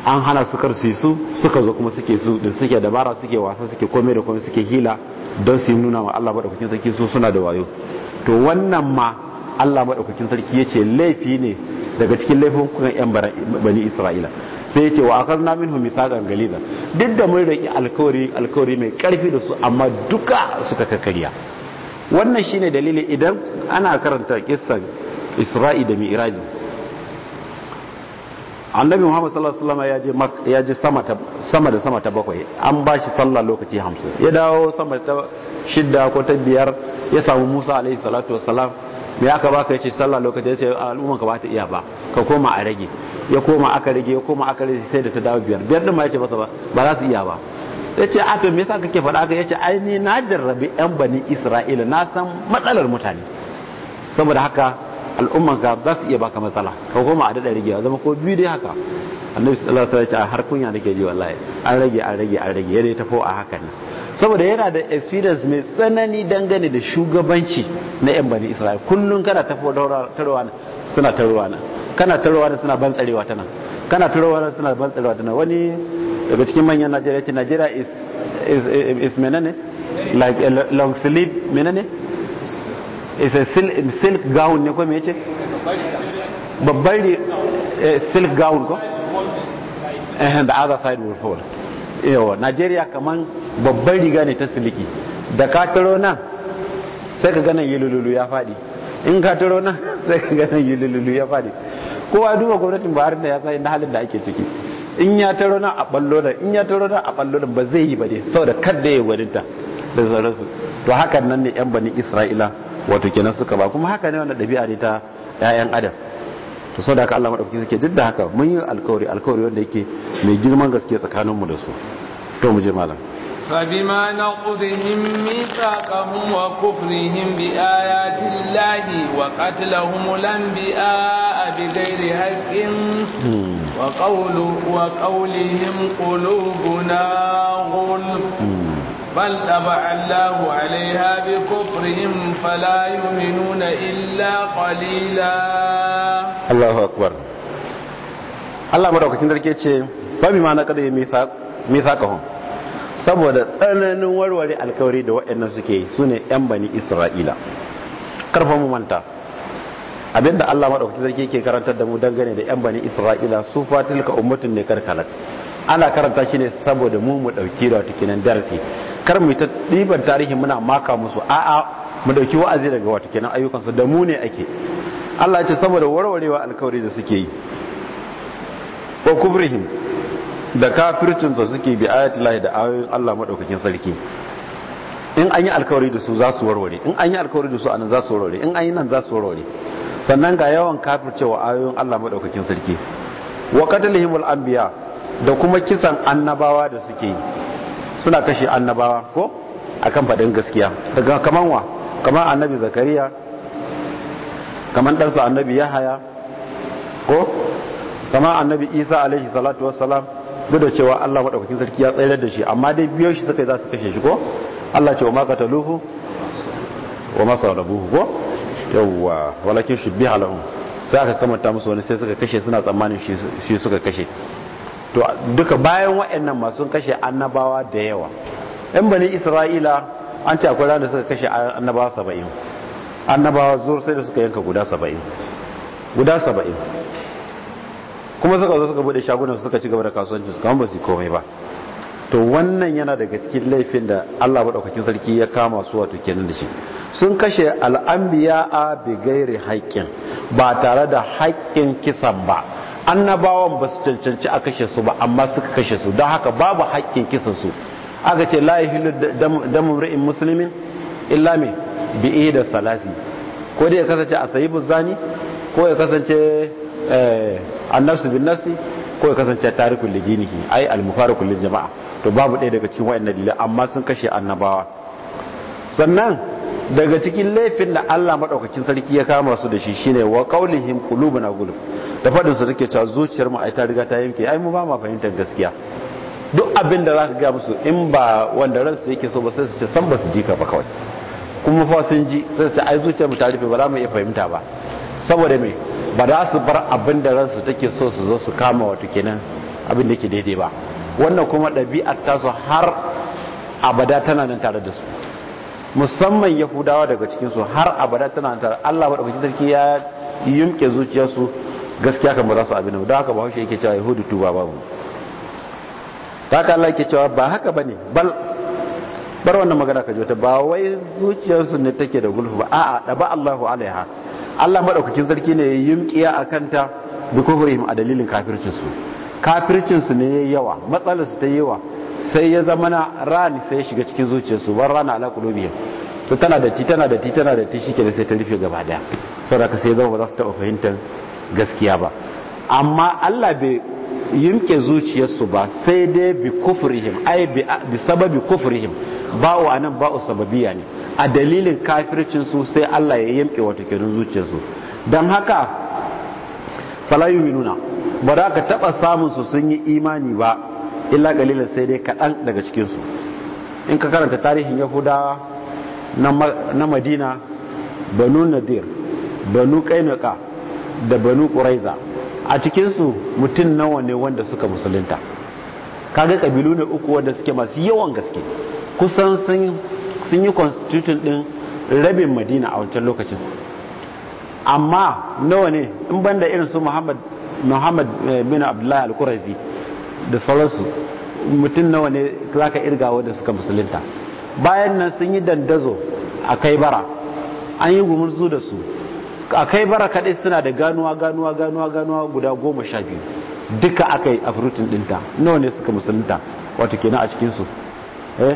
an hana su kar su su suka zo kuma suke su din suke dabara suke wasa suke komai da komai suke hila don su nuna wa Allah madaukakin sarki su suna da wayo to wannan ma Allah madaukakin sarki yace laifi ne daga cikin laifin kukan yan bani Isra'ila sai ya yace wa akazna minhum mithaqan galiza duk da mun raki alkawari alkawari mai karfi da su amma duka suka kakkarya wannan shine dalili idan ana karanta kisan Isra'i da Mi'raj annabi muhammad sallallahu alaihi wasallam ya je sama da sama ta bakwai an ba shi sallah lokaci hamsin ya dawo sama ta shidda ko ta biyar ya samu musa alaihi salatu wasallam me aka baka yace sallah lokaci yace al'umman ka ba ta iya ba ka koma a rage ya koma aka rage ya koma aka rage sai da ta dawo biyar biyar din ma yace masa ba ba za su iya ba yace a to me yasa kake faɗa haka yace ai ni na jarrabi yan bani isra'ila na san matsalar mutane saboda haka al'umman ka za su iya baka matsala ka koma a daɗa rigewa zama ko biyu dai haka annabi sallallahu alaihi wasallam har kunya nake ji wallahi an rage an rage an rage yadda ya tafo a hakan nan saboda yana da experience mai tsanani dangane da shugabanci na yan bani isra'il kullum kana tafo tarwa suna tarwa nan kana tarwa suna ban tsarewa ta nan kana tarwa suna ban tsarewa ta nan wani daga cikin manyan najeriya ce najeriya is is is menene like long sleep menene isa silk gown ne ko me yace babbar eh, silk gown ko and the other side will fall yawa Najeriya kaman babbar riga ne ta siliki da ka taro nan sai ka ganin yulululu ya fadi in ka taro nan sai ka ganin yulululu ya fadi kowa duba gwamnatin Buhari da ya san na halin da ake ciki in ya taro nan a ballo da in ya taro nan a ballo da ba zai yi ba dai saboda da ya gwaninta da sauransu to hakan nan ne yan bani Isra'ila wato kenan suka ba kuma haka ne wanda ɗabi'a ne ta ƴaƴan adam to saboda haka Allah madaukakin sarki duk da haka mun yi alkawari alkawari wanda yake mai girman gaske tsakaninmu da su to mu je malam فبما نقضهم ميثاقهم وكفرهم بآيات الله وقتلهم الأنبياء بغير حق وقول وقولهم قلوبنا غلف بل طبع الله عليها بكفرهم فلا يؤمنون إلا قليلا الله أكبر الله madaukakin sarki ce ba bi ma na ميثاقهم mithaqahum saboda tsananin warware alkawari da waɗannan suke su ne yan bani Isra'ila abinda Allah madaukakin sarki ke karantar da mu dangane da yan bani Isra'ila su fatilka ummatun ne karkalat ana karanta shi ne saboda mu mu dauki da wata kenan darasi kar mu ta diban tarihin muna maka musu a'a mu dauki wa'azi daga wata kenan ayyukan su da mu ne ake Allah ya ce saboda warwarewa alkawari da suke yi wa kufrihim da kafircin da suke bi ayatullahi da ayoyin Allah madaukakin sarki in an yi alkawari da su za su warware in an yi alkawari da su anan za su warware in an yi nan za su warware sannan ga yawan kafircewa ayoyin Allah madaukakin sarki wa qatalihimul anbiya da kuma kisan annabawa da suke yi suna kashe annabawa ko akan faɗin gaskiya daga kaman wa kaman annabi zakariya kaman ɗansa annabi yahaya ko kaman annabi isa alaihi salatu wassalam duk da cewa allah maɗaukakin sarki ya tsayar da shi amma dai biyo shi suka yi za su kashe shi ko allah ce wa ma luhu wa ma saurabuhu ko yawwa walakin shi bi lahum sai aka kamanta musu wani sai suka kashe suna tsammanin shi suka kashe to duka bayan wa'annan masu kashe annabawa da yawa yan bani isra'ila an ce akwai ranar suka kashe annabawa saba'in annabawa zuwa sai da suka yanka guda saba'in guda saba'in kuma suka zo suka bude shagunan suka ci gaba da kasuwancin su kamar ba su komai ba to wannan yana daga cikin laifin da Allah madaukakin sarki ya kama su wato kenan da shi sun kashe al'ambiya a bigairi haƙƙin ba tare da haƙƙin kisan ba annabawan ba su cancanci a kashe su ba amma suka kashe su don haka babu haƙƙin kisan su aka ce layihin damar ra'in musulmin muslimin illa da salasi ko dai ya kasance a sayi zani ko ya kasance eh, annafsu bin nafsi ko ya kasance tarikul lidinihi ai almufarikul lil jama'a to babu ɗaya daga cikin wayannan dalilai amma sun kashe annabawa sannan daga cikin laifin da Allah maɗaukacin sarki ya kama su da shi shine wa qaulihim na gulub da faɗin su take ta zuciyar mu ai ta riga ta yanke ai mu ba ma fahimtar gaskiya duk abin da ka ga musu in ba wanda ransu yake so ba sai su ce san ba su ji ka ba kawai kuma fa sun ji sai su ce ai zuciyar mu ta rufe ba za mu iya fahimta ba saboda me ba za su bar abin da ransu take so su zo su kama wato kenan abin da yake daidai ba wannan kuma ɗabi'ar tasu har abada tana nan tare da su musamman yahudawa daga cikinsu har abada tana nan tare Allah maɗaukacin sarki ya yunke zuciyarsu gaskiya kan ba za su abin da haka ba haushe yake cewa yahudu tuba babu ta ka Allah yake cewa ba haka ne bal bar wannan magana ka jota ba wai zuciyarsu ne take da gulfu ba a'a da ba Allahu alaiha Allah madaukakin sarki ne ya yimkiya akan ta bi kufrihim a dalilin kafircin su kafircin su ne yayi yawa matsalar su ta yawa sai ya zama na rani sai ya shiga cikin zuciyarsu ban rana ala qulubihim to tana da ti tana da ti tana da ti shike sai ta rufe gaba daya saboda ka sai zama ba za su taba fahimtar gaskiya ba amma Allah bai yimke zuciyarsu ba sai dai bi kufrihim ai bi sababi kufrihim nan anan ba'u sababiya ne a dalilin kafircin su sai Allah ya yimke wata kirin zuciyarsu dan haka fala minuna ba za ka taba samun su sun yi imani ba illa galila sai dai kaɗan daga cikin su in ka karanta tarihin yahudawa na madina banu nadir banu kainaka da banu ƙuraiza a cikinsu mutum nawa ne wanda suka musulunta kaga ƙabilu ne uku wanda suke masu yawan gaske kusan sun yi constitution ɗin rabin madina a wancan lokacin amma nawa ne in banda irin su muhammad muhammad eh, bin abdullahi al ƙuraizi da sauransu mutum nawa ne zaka irga wanda suka musulunta bayan nan sun yi dandazo a kai bara an yi gumurzu da su akai baraka din suna da ganuwa ganuwa ganuwa ganuwa guda goma sha biyu duka akai a fruitin dinta nawa ne suka musulunta wato kenan a cikinsu. eh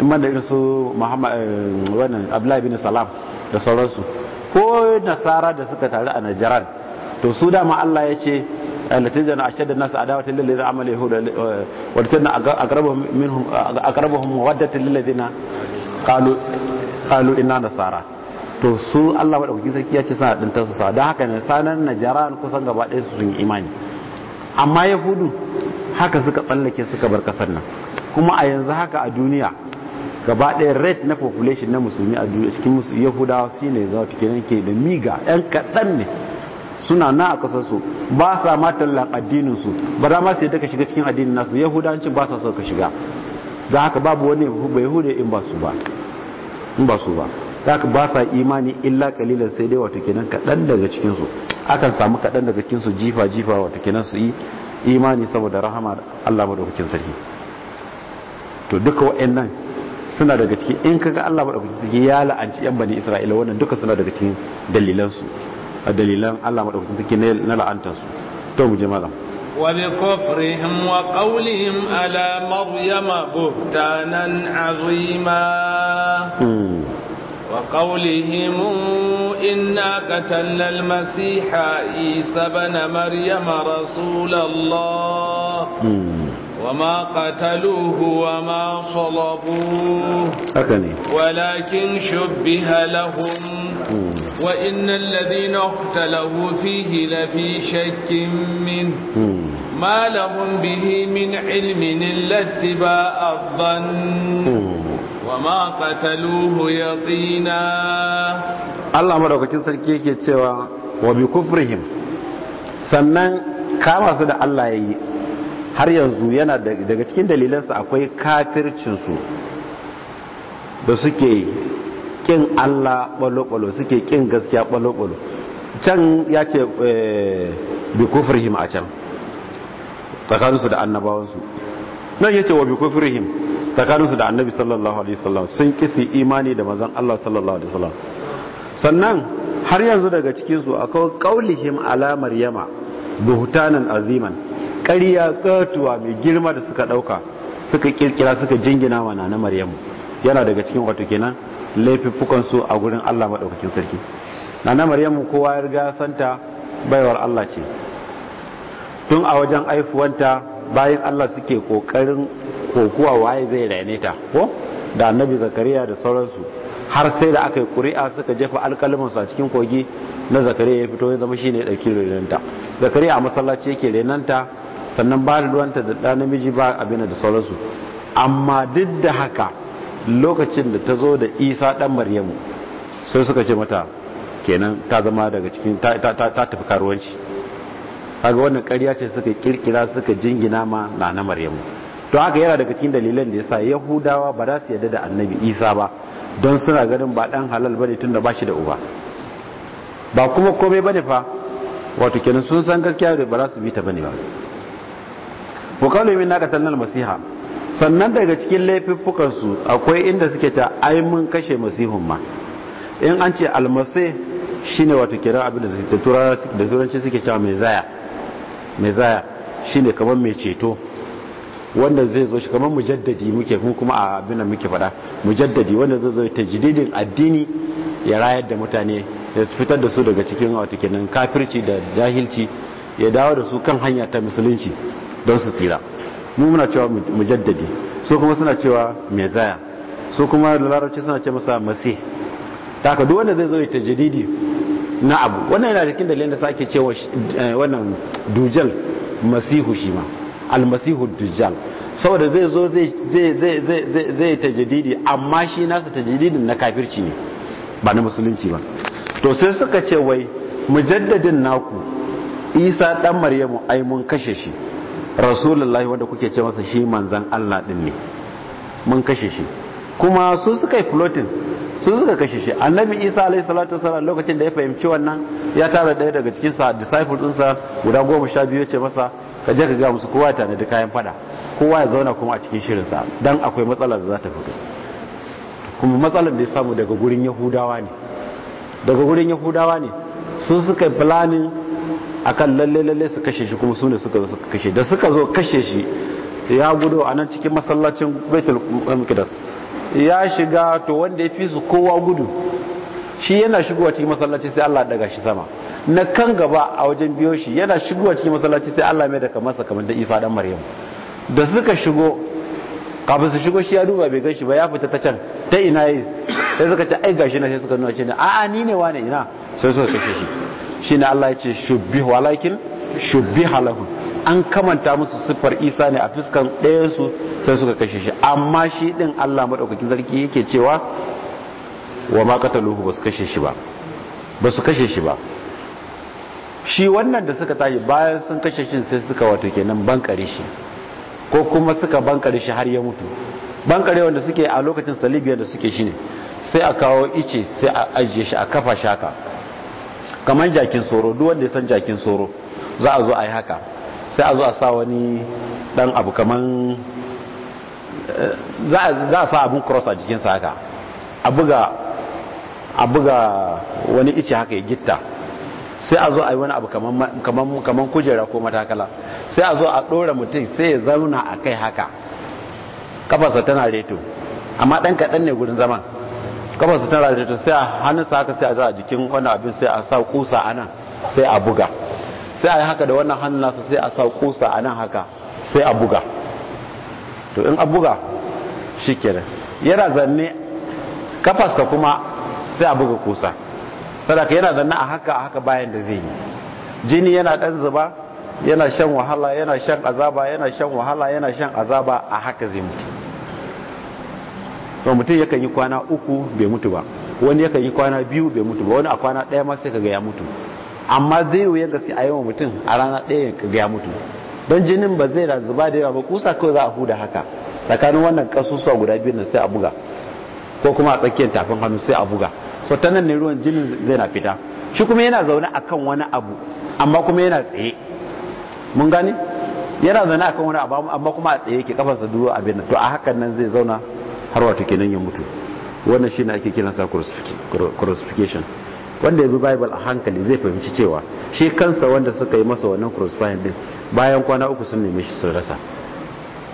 in man da irin su muhammad eh, wannan abdullahi bin salam da sauransu ko nasara da suka tare a najran to su dama Allah ya ce التي a الناس عداوة a عمل يهود ولتجد أقربهم منهم أقربهم lalle zai na kalu eh, eh, ina nasara. to su Allah madaukakin sarki ya ce suna su sa don haka ne sanar jaran kusan gaba ɗaya su sun yi imani amma yahudu haka suka tsallake suka bar kasar nan kuma a yanzu haka a duniya gaba ɗaya rate na population na musulmi a duniya cikin yahudawa su ne za ta kenan ke da miga yan kaɗan ne suna na a kasar su ba sa ma tallan addinin su ba za ma sai daga shiga cikin addinin nasu yahudancin ba sa so ka shiga da haka babu wani yahudu in ba su ba in ba su ba zaka ba sa imani illa kalilan sai dai wato kenan kadan daga cikin su akan samu kadan daga cikin su jifa jifa wato kenan su yi imani saboda rahama Allah madaukakin sarki to duka wa'annan suna daga cikin in kaga Allah madaukakin sarki ya la'anci yan bani Isra'ila wannan duka suna daga cikin dalilan su dalilan Allah madaukakin sarki na la'antar su to mu je malam وبكفرهم وقولهم على مريم بهتانا عظيما وقولهم إنا قتلنا المسيح عيسى بن مريم رسول الله وما قتلوه وما صلبوه ولكن شبه لهم وإن الذين اختلوا فيه لفي شك منه ما لهم به من علم إلا اتباع الظن وما قتلوه يقينا الله مدوكين sarki yake cewa wa bi kufrihim sannan kama su da Allah yayi har yanzu yana daga cikin dalilansa akwai kafircin su da suke kin Allah balo-balo suke kin gaskiya balo-balo can ya ce eh, bi kufrihim a can tsakaninsu da annabawansu nan ya ce wa bi kufrihim tsakaninsu da annabi sallallahu alaihi wasallam sun kisi imani da mazan Allah sallallahu alaihi wasallam sannan har yanzu daga cikinsu akwai qaulihim ala maryama buhutanan aziman ƙarya tsatuwa mai girma da suka ɗauka suka kirkira suka jingina wa Nana maryamu yana daga cikin wato kenan laifuffukan su a gurin Allah madaukakin sarki nana maryamu kowa ya riga santa baiwar Allah ce tun a wajen aifuwanta bayan Allah suke kokarin ko kuwa waye zai raine ta ko da annabi zakariya da sauransu har sai da aka yi ƙuri'a suka jefa alƙalimansu a cikin kogi na zakariya ya fito ya zama shi ne ɗauki renanta zakariya a masallaci yake renanta sannan ba da ruwanta da ɗan namiji ba abin da sauransu amma duk da haka lokacin da ta zo da isa dan maryamu sai suka ce mata kenan ta zama daga cikin ta tafi karuwanci kaga wannan ƙarya ce suka kirkira suka jingina ma na na maryamu don haka yana daga cikin dalilan da yasa yahudawa ba za su yarda da annabi isa ba don suna ganin ba dan halal bane tunda ba shi da uba ba kuma komai bane fa wato kenan sun san gaskiya da ba za su bi ta bane ba wa qalu na naka nan masiha sannan daga cikin laifukan su akwai inda suke ta ai mun kashe masihun ma in an ce almasih shine wato kenan abin da da turanci suke cewa mai zaya mai zaya shine kamar mai ceto wanda zai zo shi kamar mujaddadi muke mu kuma a abin da muke faɗa mujaddadi wanda zai zo ta jididin addini ya rayar da mutane ya fitar da su daga cikin wata kenan kafirci da jahilci ya dawo da su kan hanya ta musulunci don su tsira mu muna cewa mujaddadi su kuma suna cewa mezaya su kuma larabci suna ce masa masih ta kadu wanda zai zo ta jididi na abu wannan yana cikin dalilin da sake cewa eh, wannan dujal masihu shi ma almasihu dujjal saboda zai zo zai ta jadidi amma shi nasa ta jadidin na kafirci ne ba na musulunci ba to sai suka ce wai mujaddadin naku isa dan maryamu ai mun kashe shi rasulullahi wanda kuke ce masa shi manzan allah din ne mun kashe shi kuma su suka yi floating su suka kashe shi annabi isa alai salatu wasallam lokacin da ya fahimci wannan ya tara daya daga cikin sa disciple dinsa guda goma sha biyu ya ce masa ka je ka ga musu kowa ya tanadi kayan fada kowa ya zauna kuma a cikin sa dan akwai matsala da za ta fito kuma matsalar da ya samu daga gurin yahudawa ne daga gurin yahudawa ne su suka yi planning akan lalle lalle su kashe shi kuma su ne suka zo suka kashe da suka zo kashe shi ya gudu a nan cikin masallacin baitul maqdis ya shiga to wanda ya fi su kowa gudu shi yana shigowa cikin masallaci sai Allah daga shi sama na kan gaba a wajen biyo shi yana shigowa cikin masallaci sai Allah mai da kamarsa kamar da Isa dan Maryam da suka shigo kafin su shigo shi ya duba bai gashi ba ya fita ta can ta ina yi sai suka ce ai gashi na sai suka nuna cewa a'a ni ne wane ina sai suka kashe shi shine Allah ya ce shubbi walakin shubbi halahu an kamanta musu siffar Isa ne a fuskan ɗayan su sai suka kashe shi amma shi din Allah madaukakin sarki yake cewa wa ma qataluhu basu kashe shi ba basu kashe shi ba shi wannan da suka tashi bayan sun kashe shi sai suka wato kenan bankare shi ko kuma suka bankare shi har ya mutu bankare wanda suke a lokacin salibiya da suke shi ne sai a kawo ice sai a ajiye shi a kafa shaka kamar jakin soro duk wanda ya san jakin soro za a zo a yi haka sai a zo a sa wani dan abu kamar eh, za a sa abun cross a jikinsa haka a buga wani ice haka ya gitta sai a zo a yi wani abu kaman kujera ko matakala sai a zo a ɗora mutum sai ya zauna a kai haka kafarsa tana reto amma ɗan kaɗan ne gudun zaman kafarsa tana reto sai a hannunsa haka sai a za a jikin wani abin sai a sa kusa a nan sai a buga sai a yi haka da wannan hannun nasa sai a sa kusa a nan haka sai a buga to in a buga shi kenan yana zanne kafarsa kuma sai a buga kusa sadaka yana zanna a haka a haka bayan da zai yi jini yana dan zuba yana shan wahala yana shan azaba yana shan wahala yana shan azaba a haka zai mutu to mutum yakan yi kwana uku bai mutu ba wani yakan yi kwana biyu bai mutu ba wani a kwana ɗaya ma sai kaga ya mutu amma zai yi wuya gaske a yawan mutum a rana ɗaya kaga ya mutu don jinin ba zai da zuba da yawa ba kusa kawai za a huda haka tsakanin wannan kasusuwa guda biyu nan sai a buga ko kuma a tsakiyar tafin hannu sai a buga so ta nan ne ruwan jinin zai na fita shi kuma yana zaune a kan wani abu amma kuma yana tsaye mun gani yana zaune a kan wani abu amma kuma a tsaye ke kafarsa duro abin to a hakan nan zai zauna har wato kenan ya mutu wannan shi ne ake kiran sa crucifixion wanda ya bi bible a hankali zai fahimci cewa shi kansa wanda suka yi masa wannan crucifixion din bayan kwana uku sun neme shi sun rasa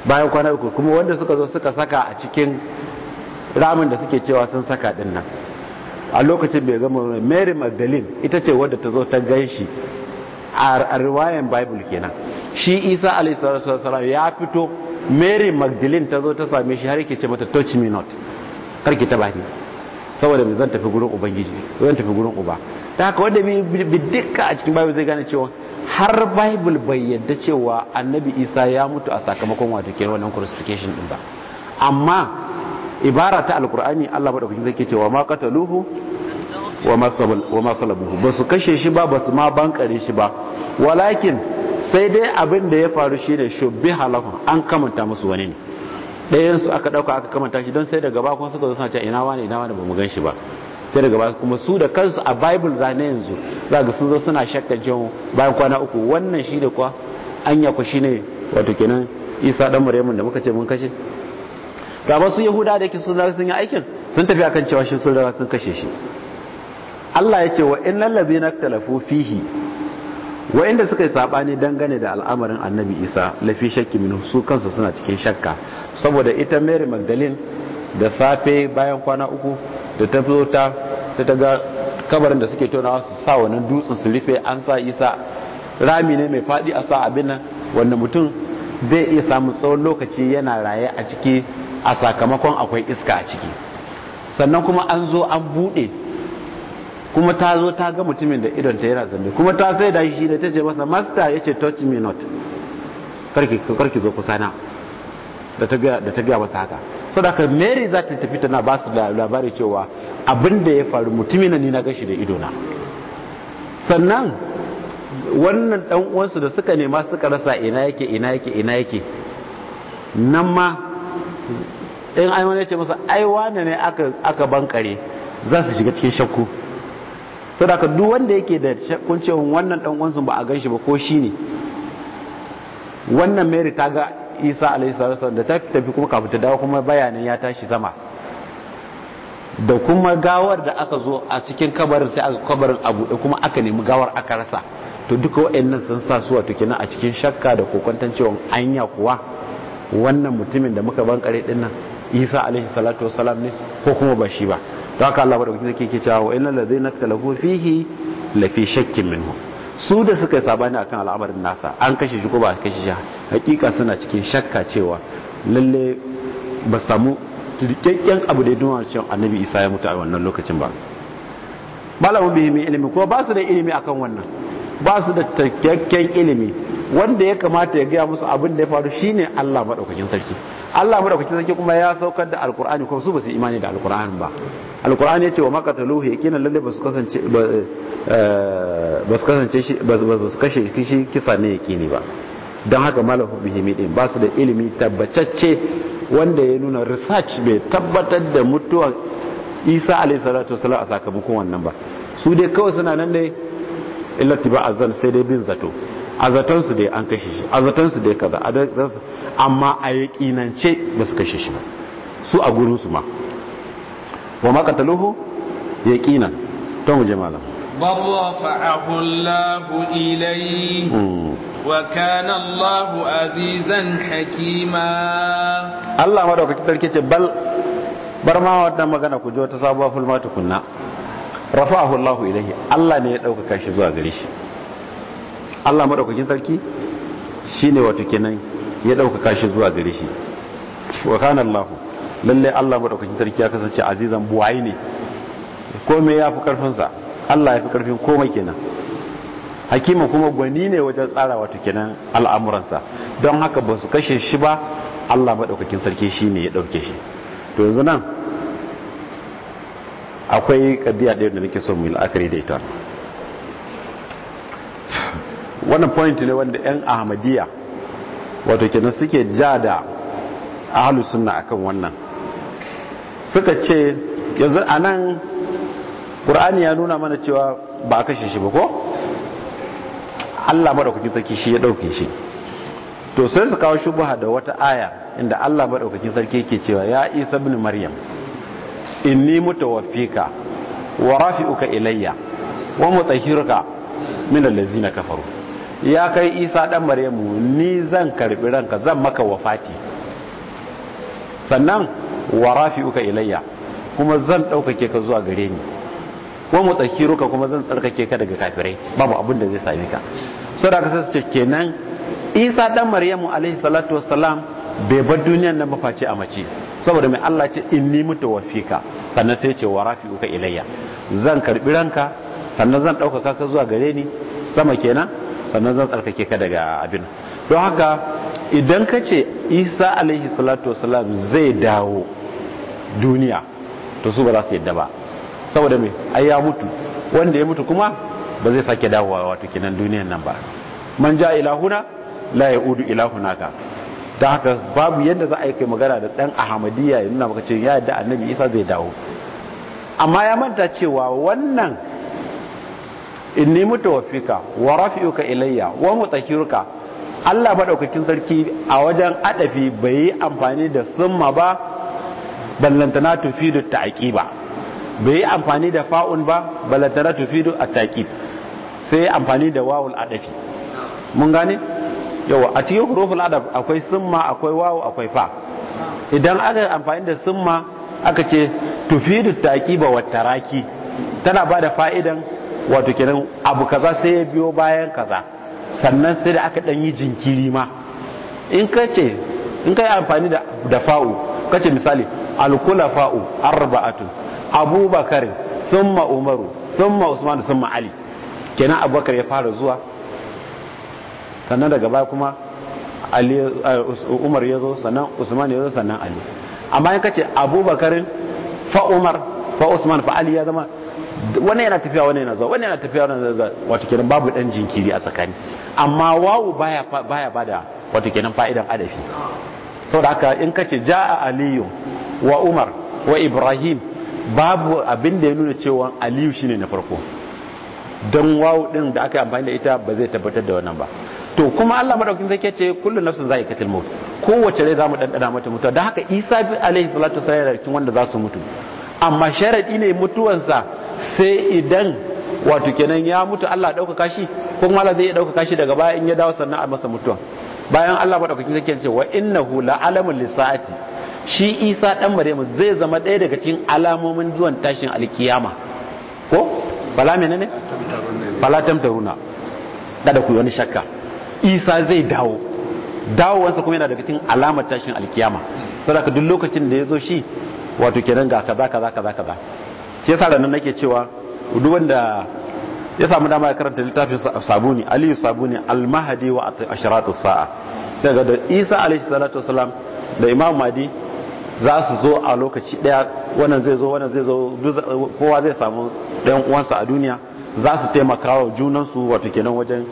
bayan kwana uku kuma wanda suka zo suka saka a cikin ramin da suke cewa sun saka din nan a lokacin bai gama mary magdalene ita ce wadda ta zo ta gan shi a riwayan bible kenan shi isa alaihissalam ya fito mary magdalene ta zo ta same shi har yake ce mata touch me not karki taba bani saboda mai zan tafi gurin ubangiji zan tafi gurin uba ta haka wanda bi dukka a cikin bible zai gane cewa har bible bai yadda cewa annabi isa ya mutu a sakamakon wato kenan wannan crucifixion din ba amma ibara ta alkur'ani Allah madaukakin zai ke cewa ma qataluhu wa ma salabuhu ba su kashe shi ba ba su ma bankare shi ba walakin sai dai abin da ya faru shine shubbiha lahu an kamanta musu wani ne dayan su aka dauka aka kamanta shi don sai daga ba kuma suka zo suna cewa ina wani ina wani bamu gan shi ba sai daga ba kuma su da kansu a bible za ne yanzu za ga sun zo suna shakka jin bayan kwana uku wannan shi da kwa anya ku shine wato kenan isa dan maryamu da muka ce mun kashe ga wasu yahuda da yake sun zara sun yi aikin sun tafi akan cewa shi sun zara sun kashe shi Allah ya ce wa innal na talafu fihi wa inda suka yi sabani dangane da al'amarin annabi Isa lafi shakki min su kansu suna cikin shakka saboda ita Mary Magdalene da safe bayan kwana uku da ta zo ta ta ga kabarin da suke tonawa su sa wannan dutsen su rufe an sa Isa rami ne mai fadi a sa abin nan wanda mutum zai iya samun tsawon lokaci yana raye a ciki a sakamakon akwai iska a ciki sannan kuma an zo an bude kuma ta zo ta ga mutumin da idon ta yana zambe kuma ta sai da shi da ta ce masa master ya ce touch me not karki zo kusa na da ta gaya masa haka sadaka mary za ta tafi tana ba su labari cewa abinda ya faru mutumin ni na gashi da idona sannan wannan dan uwansu da suka nema suka rasa ina yake ina yake ina yake nan ma in ai wani ce masa ai ne ne aka bankare za su shiga cikin shakku to da duk wanda yake da shakkun cewa wannan dan uwansu ba a ganshi ba ko shi ne wannan Mary ta ga Isa alaihi salatu da ta tafi kuma kafin ta dawo kuma bayanin ya tashi sama da kuma gawar da aka zo a cikin kabarin sai aka kabarin abu da kuma aka nemi gawar aka rasa to duka wa'annan sun sa su wato kenan a cikin shakka da kokwantan cewa anya kuwa wannan mutumin da muka bankare din nan isa alaihi salatu wasalam ne ko kuma ba shi ba don haka Allah madaukakin sarki ke cewa wa innal ladzina talafu fihi la fi shakkin minhu su da suka yi sabani akan al'amarin nasa an kashe shi ko ba kashe shi hakika suna cikin shakka cewa lalle ba samu rikakken abu da ya duma cewa annabi isa ya mutu a wannan lokacin ba malamin bihimi ilimi ko ba su da ilimi akan wannan ba su da cikakken ilimi wanda ya kamata ya gaya musu abin da ya faru shine Allah madaukakin sarki Allah madaukakin sarki kuma ya saukar da alkur'ani kuma su ba su imani da alƙur'ani ba alkur'ani yace wa maqataluhu yakina lalle ba su kasance ba eh, su kasance shi kashe shi kisa ne yakini ba don haka malahu bihi din ba su da ilimi tabbatacce wanda ya nuna research bai tabbatar da mutuwar isa alayhi salatu wasallam a sakamakon wannan ba su dai kawai suna nan ne illa tiba azan sai dai bin zato azatansu dai an kashe shi azatansu dai kaza amma a yi kinance ba su kashe shi ba su a gurin su ma wa makataluhu ya kina ta mu jama'a babuwa allahu ilai hmm. wa kana allahu azizan hakima allah ma daukaki tarki ce bal bar ma wannan magana ku jo ta sabuwa fulmata kunna rafa'ahu allahu ilai allah ne ya ɗaukaka kashi zuwa gare shi Allah madaukakin sarki shine wato kenan ya ɗaukaka shi zuwa gare shi wa kana Allah lalle Allah madaukakin sarki ya kasance azizan buwaye ne komai ya fi ƙarfinsa? Allah ya fi karfin komai kenan hakima kuma gwani ne wajen tsara wato kenan al'amuransa don haka ba su kashe shi ba Allah madaukakin sarki shine ya ɗauke shi to yanzu nan akwai kadiya ɗaya da nake so mu yi la'akari da ita wannan point ne wanda 'yan ahmadiyya wato kenan suke ja da ahalus sunna akan wannan suka ce yanzu a nan ƙur'ani ya nuna mana cewa ba a kashe shi ba ko allah maɗaukakin sarki shi ya ɗauke shi to sai su kawo shubuha da wata aya inda allah maɗaukakin sarki yake cewa ya isa bin maryam inni mutawaffika wa rafi'uka ilayya wa mutahhiruka min allazina kafaru ya kai isa dan maryamu ni zan karbi ranka zan maka wafati sannan wa rafi'uka ilayya kuma zan daukake ka zuwa gare ni ko mu tsakiruka kuma zan tsarkake ka daga kafirai babu abin da zai same ka saboda sai sace kenan isa dan maryamu alaihi salatu wassalam bai bar duniyan nan ba face a mace saboda mai Allah ce inni fika sannan sai ce wa rafi'uka ilayya zan karbi ranka sannan zan ɗaukaka ka zuwa gare ni sama kenan sannan zan tsarkake ka daga abin don haka idan ka ce isa alaihi salatu wasalam zai dawo duniya to su ba za su yadda ba saboda me ai ya mutu wanda ya mutu kuma ba zai sake dawowa wato kenan duniyan nan ba man ja ilahuna la ilahuna ilahunaka da haka babu yadda za a yi kai magana da dan ahamadiyya ya nuna maka ce ya yadda annabi isa zai dawo amma ya manta cewa wannan inni mutawaffika wa rafi'uka ilayya wa mutakhiruka Allah madaukakin sarki a wajen adafi bai yi amfani da summa ba ballantana tufidu ta'qiba bai yi amfani da fa'un ba ballantana tufidu at-taqib sai amfani da wawul adafi mun gane yawa a cikin huruful adab akwai summa akwai wawu akwai fa idan aka amfani da summa aka ce tufidu ta'qiba wa taraki tana bada fa'idan wato kenan abu kaza sai ya biyo bayan kaza sannan sai da aka dan yi jinkiri ma in ka ce in ka yi amfani da da fa'u ka ce misali alkula fa'u arba'atu abubakar thumma umaru thumma usman thumma ali kenan abubakar ya fara zuwa sannan daga baya kuma ali uh, umar ya zo sannan usman ya zo sannan ali amma in ka ce abubakar fa umar fa usman fa ali ya zama wani yana tafiya wani yana zuwa wani yana tafiya wani yana zuwa wato kenan babu dan jinkiri a tsakani amma wawu baya baya bada wato kenan fa'idan adafi saboda haka in kace ja'a aliyu wa umar wa ibrahim babu abin da ya nuna cewa aliyu shine na farko don wawu din da aka amfani da ita ba zai tabbatar da wannan ba to kuma Allah madaukakin sai ce kullu nafsin katil maut kowace rai zamu dandana mata mutuwa dan haka Isa bi alaihi salatu wasallam da wanda za su mutu amma sharaɗi ne mutuwansa sai idan wato kenan ya mutu Allah dauka kashi, ko kuma Allah zai iya dauka kashi daga baya in ya dawo sannan a masa mutuwa bayan Allah dauka kike ce wa innahu la alamun lisa'ati shi Isa dan Maryamu zai zama ɗaya daga cikin alamomin zuwan tashin alkiyama ko bala menene bala tamtaruna kada ku yi wani shakka Isa zai dawo dawowansa kuma yana daga cikin alamar tashin alkiyama saboda duk lokacin da ya zo shi wato kenan ga kaza kaza kaza kaza shi yasa ranan nake cewa duk wanda ya samu dama ya karanta littafin sabuni aliyu sabuni al-mahdi wa ashratu sa'a daga da isa alaihi salatu wasalam da imam madi za su zo a lokaci daya wannan zai zo wannan zai zo kowa zai samu ɗayan uwansa a duniya za su taimaka wa junansu wato kenan wajen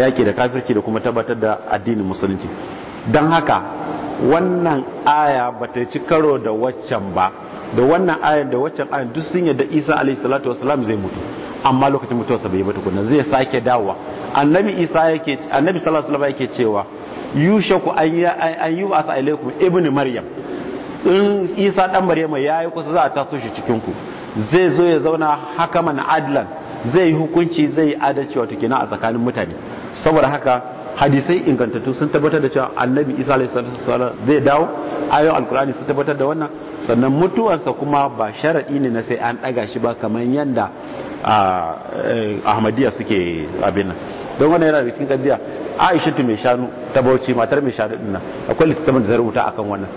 yaki da kafirci da kuma tabbatar da addinin musulunci don haka wannan aya ba ta ci karo da waccan ba da wannan ayar da waccan ayar duk sun yadda isa alaihissalatu wasalam zai mutu amma lokacin mutuwarsa bai mutu kuna zai sake dawowa annabi isa yake annabi sallallahu alaihi yake cewa yushaku an an yi wasa alaikum ibnu maryam in isa dan ya yayi kusa za a taso shi cikin ku zai zo ya zauna haka hakaman adlan zai yi hukunci zai yi adalci wato kenan a tsakanin mutane saboda haka hadisai ingantattu sun tabbatar da cewa annabi isa alaihissalam zai dawo ayo alkurani sun tabbatar da wannan sannan mutuwarsa kuma ba sharaɗi ne na sai an ɗaga shi ba kamar yanda eh, ahmadiyya suke abin nan don wannan yana da cikin kaddiya ta mai shanu ta bauchi matar mai shanu din nan akwai littattafan da ta rubuta akan wannan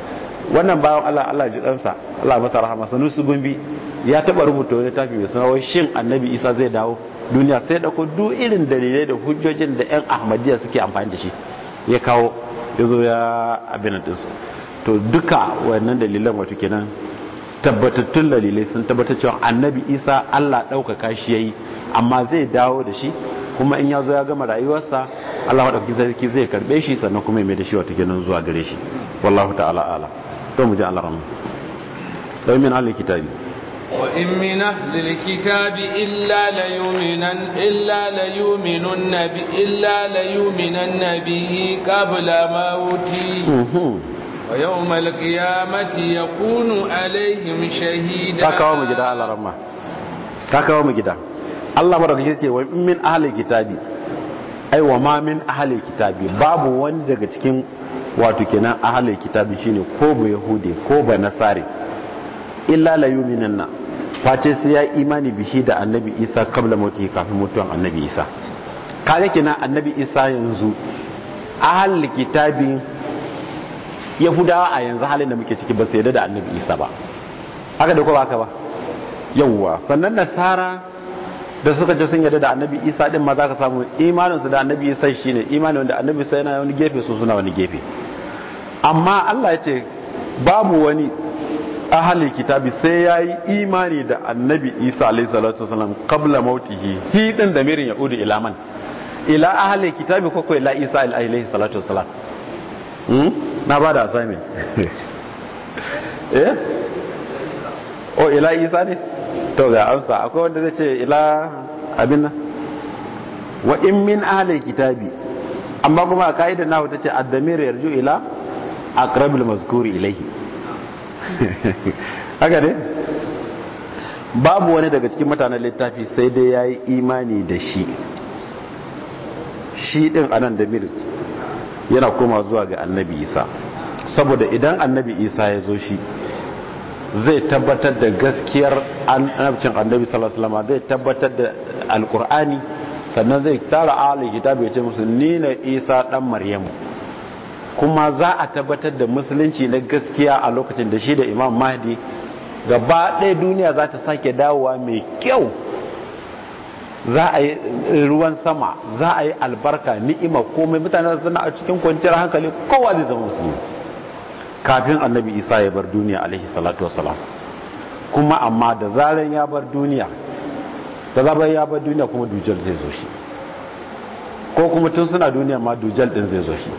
wannan bayan Allah Allah ji sa Allah masa rahama sanusu gumbi ya taɓa rubuta wani tafi mai suna shin annabi isa zai dawo duniya sai dauko duk irin dalilai da hujjojin da yan ahmadiyya suke amfani da shi ya kawo ya zo ya abin dinsu to duka wannan dalilan wato kenan tabbatattun dalilai sun tabbatar cewa annabi isa allah ɗaukaka shi ya yi amma zai dawo da shi kuma in ya zo ya gama rayuwarsa allah maɗauki sarki zai karɓe shi sannan kuma mai da shi wata kenan zuwa gare shi wallahu ta'ala ala to mu ji allah sai min وإن من أهل الكتاب إلا ليؤمنن إلا ليؤمنن إلا ليؤمنن به قبل موته ويوم القيامة يكون عليهم شهيدا تكاو مجدا الله رمى تكاو مجدا الله مرة كتير وإن من أهل الكتاب أي وما من أهل الكتاب باب وان daga cikin wato kenan ahalul kitabi shine ko ba yahudi illa la yu'minanna face sai ya imani bihi da annabi isa kabla mauti kafin mutuwan annabi isa kaga kina annabi isa yanzu ahal kitabin yahudawa a yanzu halin da muke ciki ba su da annabi isa ba haka da kuma haka ba yawwa sannan nasara da suka ji sun yarda da annabi isa din ma za ka samu imaninsu da annabi isa shine imanin da annabi isa yana wani gefe su suna wani gefe amma allah ya ce babu wani Ahalin kitabi sai ya yi imani da annabi isa alaihi salatu wasalam kabla mautihi hi din da mirin yaudu ila man ila ahalin kitabi ko ila isa alaihi salatu wasalam hmm? na ba da assignment eh o ila isa ne to ga amsa akwai wanda zai ce ila abin nan wa in min ahalin kitabi amma kuma a ka'idar nahu ta ce damir yarju ila akrabil mazkuri ilaihi. haka ne babu wani daga cikin mutanen littafi sai dai ya yi imani da shi shi ɗin anan da mil yana koma zuwa ga annabi isa saboda idan annabi isa ya zo shi zai tabbatar da gaskiyar annabcin annabi salasalama zai tabbatar da alkur'ani sannan zai tara ahalin bai ya ce musu nina isa dan maryamu kuma za a tabbatar da musulunci na gaskiya a lokacin da shi da imam mahdi gaba ɗaya duniya za ta sake dawowa mai kyau za a yi ruwan sama za a yi albarka ni'ima komai mutane da suna a cikin kwanciyar hankali kowa zai zama musulmi kafin annabi isa ya bar duniya alaihi salatu wasalam kuma amma da zarar ya bar duniya da zarar ya bar duniya kuma dujal zai zo shi ko kuma tun suna duniya ma dujal din zai zo shi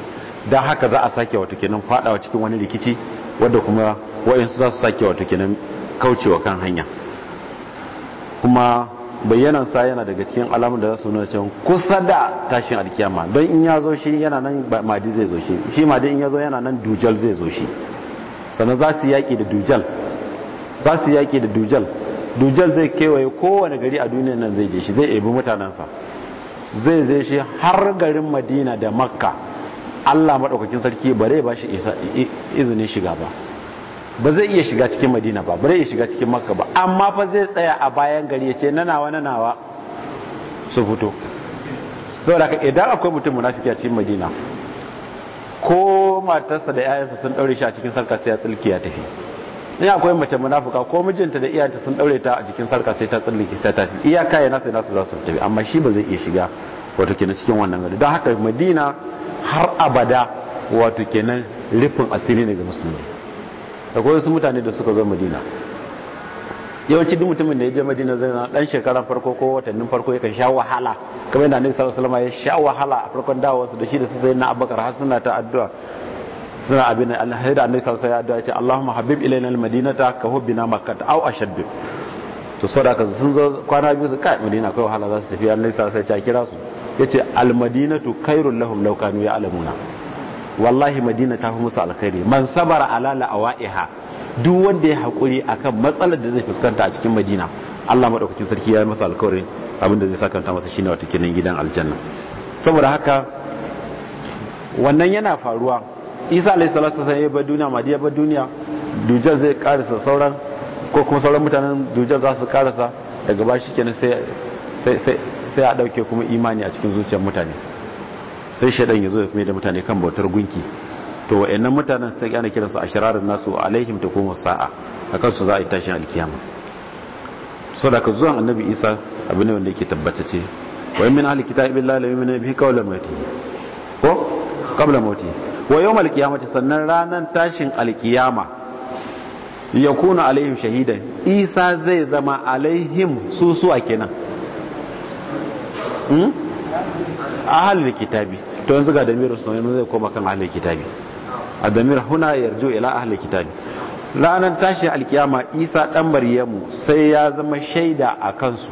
don haka za a sake wato kenan fadawa cikin wani rikici wadda kuma wa'insu za su sake wato kenan kaucewa kan hanya kuma bayyanan sa yana daga cikin alamun da za su nuna cewa kusa da tashin alkiyama don in ya zo shi yana nan madi zai zo shi shi madi in ya zo yana nan dujal zai zo shi sannan za su yaƙi da dujal za su yaƙi da dujal dujal zai kewaye kowane gari a duniya nan zai je shi zai ebi mutanensa zai zai shi har garin madina da makka Allah madaukakin sarki ba zai bashi izinin shiga ba ba zai iya shiga cikin Madina ba ba zai iya shiga cikin Makka ba amma fa zai tsaya a bayan gari ya ce na nawa na nawa su fito saboda ka idan akwai mutum munafiki a cikin Madina ko matarsa da 'ya'yansa sun daure shi a cikin sarka sai ya tsilki ya tafi in akwai mace munafuka ko mijinta da iyanta sun daure ta a jikin sarka sai ta tsallake ta tafi iyaka ya nasu nasu za su tafi amma shi ba zai iya shiga wato kina cikin wannan gari don haka madina har abada wato kenan rufin asiri ne ga musulmi kuma su mutane da suka zo madina yawanci duk mutumin da ya je madina zai na dan shekaran farko ko watannin farko yakan sha wahala kamar yadda annabi sallallahu alaihi wasallam ya sha wahala a farkon dawowarsa da shi da sai na abubakar har suna ta addu'a suna abin Allah sai da annabi sallallahu alaihi wasallam ya addu'a ce Allahumma habib ilaina almadinata ka hubbina makkah aw ashadd to sadaka sun zo kwana biyu su kai madina kai wahala za su tafi annabi sallallahu alaihi wasallam ya kira su ya yace almadinatu kairun lahum laukanu ya alamuna wallahi madina ta fi musu alkhairi man sabara ala wa'iha duk wanda ya haƙuri a kan matsalar da zai fuskanta a cikin madina Allah madaukakin sarki ya yi masa alkawarin abinda zai sakanta masa shine wata kinan gidan aljanna saboda haka wannan yana faruwa Isa alayhi salatu sai ya bar duniya madiya bar duniya zai karasa sauran ko kuma sauran mutanen dujal za su karasa daga ba shi kenan sai sai a dauke kuma imani a cikin zuciyar mutane sai shaidan ya zo ya kuma da mutane kan bautar gunki to wa'annan mutanen sai ana kiransu ashirarin nasu alaihim ta kuma sa'a a kansu za a yi tashin alkiyama ka zuwan annabi isa abu ne wanda yake ce wa min ahli kitabi billahi la yu'minu bihi qawla mauti ko qabla mauti wa yawm alqiyamati sannan ranan tashin alkiyama yakuna alaihim shahidan isa zai zama alaihim su su a kenan Hmm? ahalul kitabi to yanzu ga damiru sunan zai koma kan ahalul kitabi a damir huna yarju ila ahalul kitabi ranar tashi alkiyama isa dan maryamu sai ya zama shaida a kansu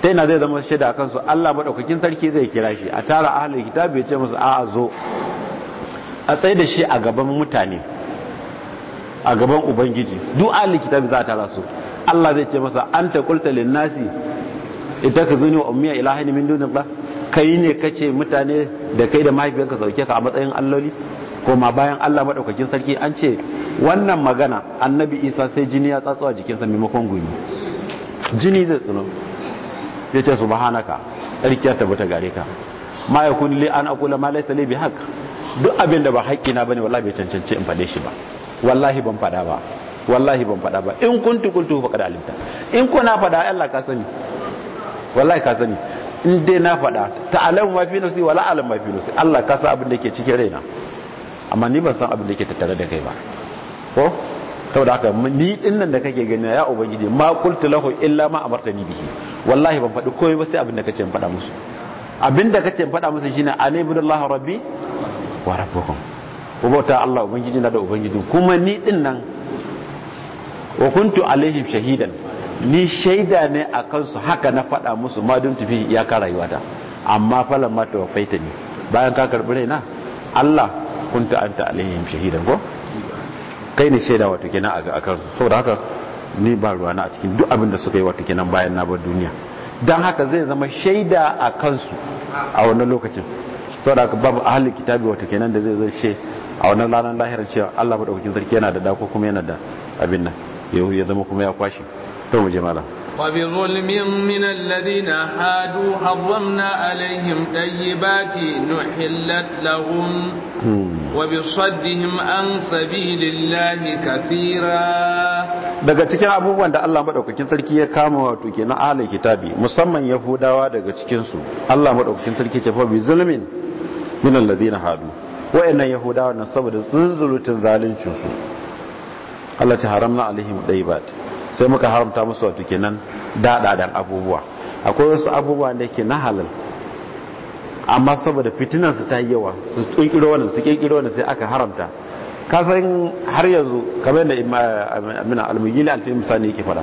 ta yana zai zama shaida a kansu allah maɗaukakin sarki zai kira shi a tara ahalar kitabi ya ce musu a zo a tsaye da shi a gaban mutane a gaban ubangiji duk ahalar kitabi za a tara su allah zai ce masa an ta kulta linnasi ita ka zuni wa ummiya ilahin min dunillah kai ne kace mutane da kai da mahaifiyarka sauke ka a matsayin alloli ma bayan Allah madaukakin sarki an ce wannan magana annabi Isa sai jini ya tsatsowa a sa maimakon gumi jini zai tsino ya ce subhanaka ya tabbata gare ka ma yakun li an aqula ma laysa li bihaq duk abin da ba haƙƙi na bane wallahi bai cancance in fade shi ba wallahi ban fada ba wallahi ban fada ba in kuntu qultu faqad alimta in kuna fada Allah ka sani wallahi ka sani in dai na faɗa ta ma fi nasi wala alamu ma fi Allah ka sa abin da yake cikin raina amma ni ban san abin da yake tattare da kai ba ko saboda haka ni din nan da kake gani ya ubangiji ma qultu lahu illa ma amartani bihi wallahi ban faɗi komai ba sai abin da kace in faɗa musu abin da kace in faɗa musu shine billah rabbi wa rabbukum ubota Allah ubangiji na da ubangiji kuma ni din nan wa kuntu alaihim shahidan ni shaida ne a kansu haka na faɗa musu madun tafi ya yi wata amma mata wa faita ne bayan ka karɓi na? Allah kun ta'anta alaihim shahidan ko kai ne shaida wato kenan a kansu da haka ni ba ruwa na a cikin duk abin da suka yi wato kenan bayan na bar duniya dan haka zai zama shaida a kansu a wannan lokacin sau da haka babu halin kitabi wato kenan da zai zo ce a wannan ranar lahirar cewa Allah madaukakin sarki yana da dako kuma yana da abin nan yau ya zama kuma ya kwashe. to jama'a وبظلم من الذين هادوا حرمنا عليهم طيبات نحلت لهم وبصدهم عن سبيل الله كثيرا daga cikin abubuwan da Allah madaukakin sarki ya kama wato kenan ahlul kitabi musamman yahudawa daga cikin su Allah madaukakin sarki ce fa bi zulmin min alladhina hadu wa'annan yahudawa nan saboda tsunzurutun zaluncin su Allah ta haramna alaihim dayyibat sai muka haramta musu wato kenan dadadan abubuwa akwai wasu abubuwa da ke na halal amma saboda fitinar su ta yawa su kirkiro wannan su kirkiro wannan sai aka haramta kasan har yanzu kamar da amina almujili alfil misali yake fada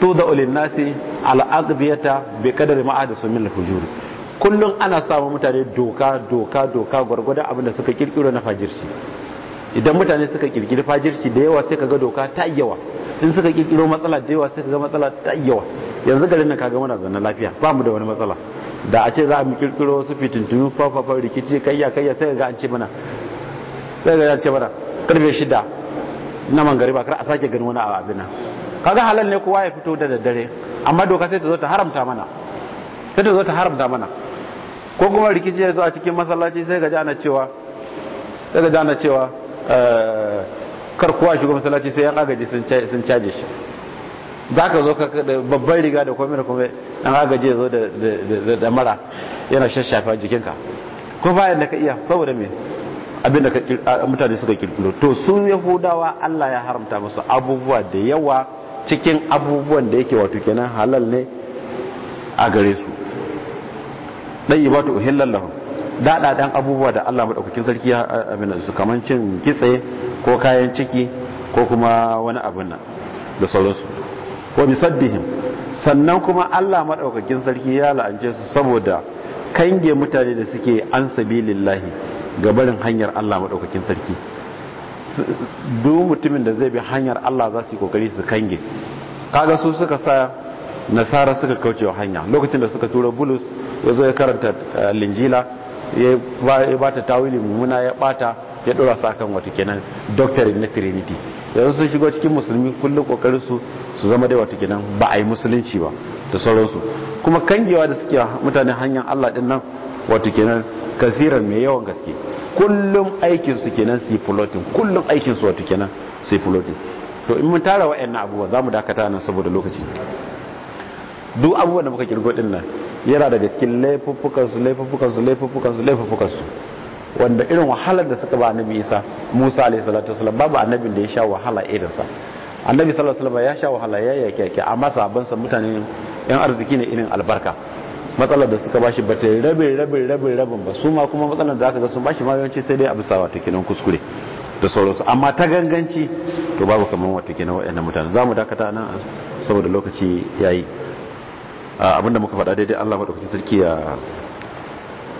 to da ulil nasi al'aqdiyata bi qadri ma ahdasu min al-fujur kullun ana samu mutane doka doka doka gurgurda abin da suka kirkiro na fajirci idan mutane suka kirkiri fajirci da yawa sai kaga doka ta yawa in suka kirkiro matsala da yawa sai kaga matsala ta yawa yanzu garin nan kaga muna zanna lafiya ba mu da wani matsala da a ce za a mu kirkiro wasu fitintunu fafafan rikici kayya kayya sai ga an ce mana sai ga an ce mana karfe shida na mangari ba kar a sake gani wani abu na kaga halal ne kowa ya fito da daddare amma doka sai ta zo ta haramta mana sai ta zo ta haramta mana ko kuma rikici ya zo a cikin masallaci sai ga ji ana cewa sai ga ji ana cewa Eh, kar kuwa shiga masallaci sai yan agaji sun caje shi za ka zo babban riga da kome da kome an agaji ya zo da mara yana shashafa jikinka ko bayan da ka iya saboda me abin da mutane suka kirkiro to su yahudawa Allah ya haramta musu abubuwa da yawa cikin abubuwan da yake wato kenan halal ne a gare su ba ta lallahun daɗaɗen abubuwa da Allah maɗaukakin sarki ya eh, abin su kamar cin kitse ko kayan ciki ko kuma wani abin nan da sauransu wa bisaddihim sannan kuma Allah maɗaukakin sarki ya la'ance su saboda kange mutane da suke an sabilillahi ga barin hanyar Allah maɗaukakin sarki duk mutumin da zai bi hanyar Allah za su yi kokari su kange kaga su suka sa nasara suka kauce hanya lokacin da suka tura bulus ya ya karanta eh, linjila ya ba ta tawili mummuna ya bata ya dora su akan wata kenan doctrine na trinity yanzu sun shigo cikin musulmi kullum kokarin su su zama dai wata kenan ba a yi musulunci ba da sauransu kuma kangewa da suke mutane hanyar Allah din nan wata kenan kasirar mai yawan gaske kullum aikin su kenan su floating kullum aikin su kenan su floating to in mun tara wa'annan abubuwa za mu dakata nan saboda lokaci duk abubuwan da muka kirgo din nan yana daga cikin laifuffukansu laifuffukansu laifuffukansu laifuffukansu wanda irin wahalar da suka ba annabi isa musa alayhi salatu wasallam babu annabin da ya sha wahala irinsa annabi sallallahu alaihi wasallam ya sha wahala ya yake yake amma sahabbansa mutane yan arziki ne irin albarka matsalar da suka bashi ba ta rabin rabin rabin rabin ba su ma kuma matsalar da aka ga sun bashi ma yawanci sai dai a bisa ta kinan kuskure da sauransu amma ta ganganci to babu kamar wata kinan waɗannan mutane za mu dakata nan saboda lokaci ya yi. Ah, abinda muka faɗa daidai Allah madaukakin sarki ya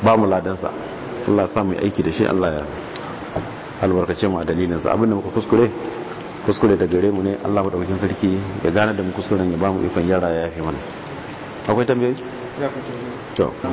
ba mu ladansa Allah ya samu aiki da shi Allah ya albarkace mu a dalilinsa abinda muka kuskure kuskure da gare mu ne Allah madaukakin sarki ya gane da mu kuskuren ya ba mu ikon yara ya yafe mana akwai tambayoyi ya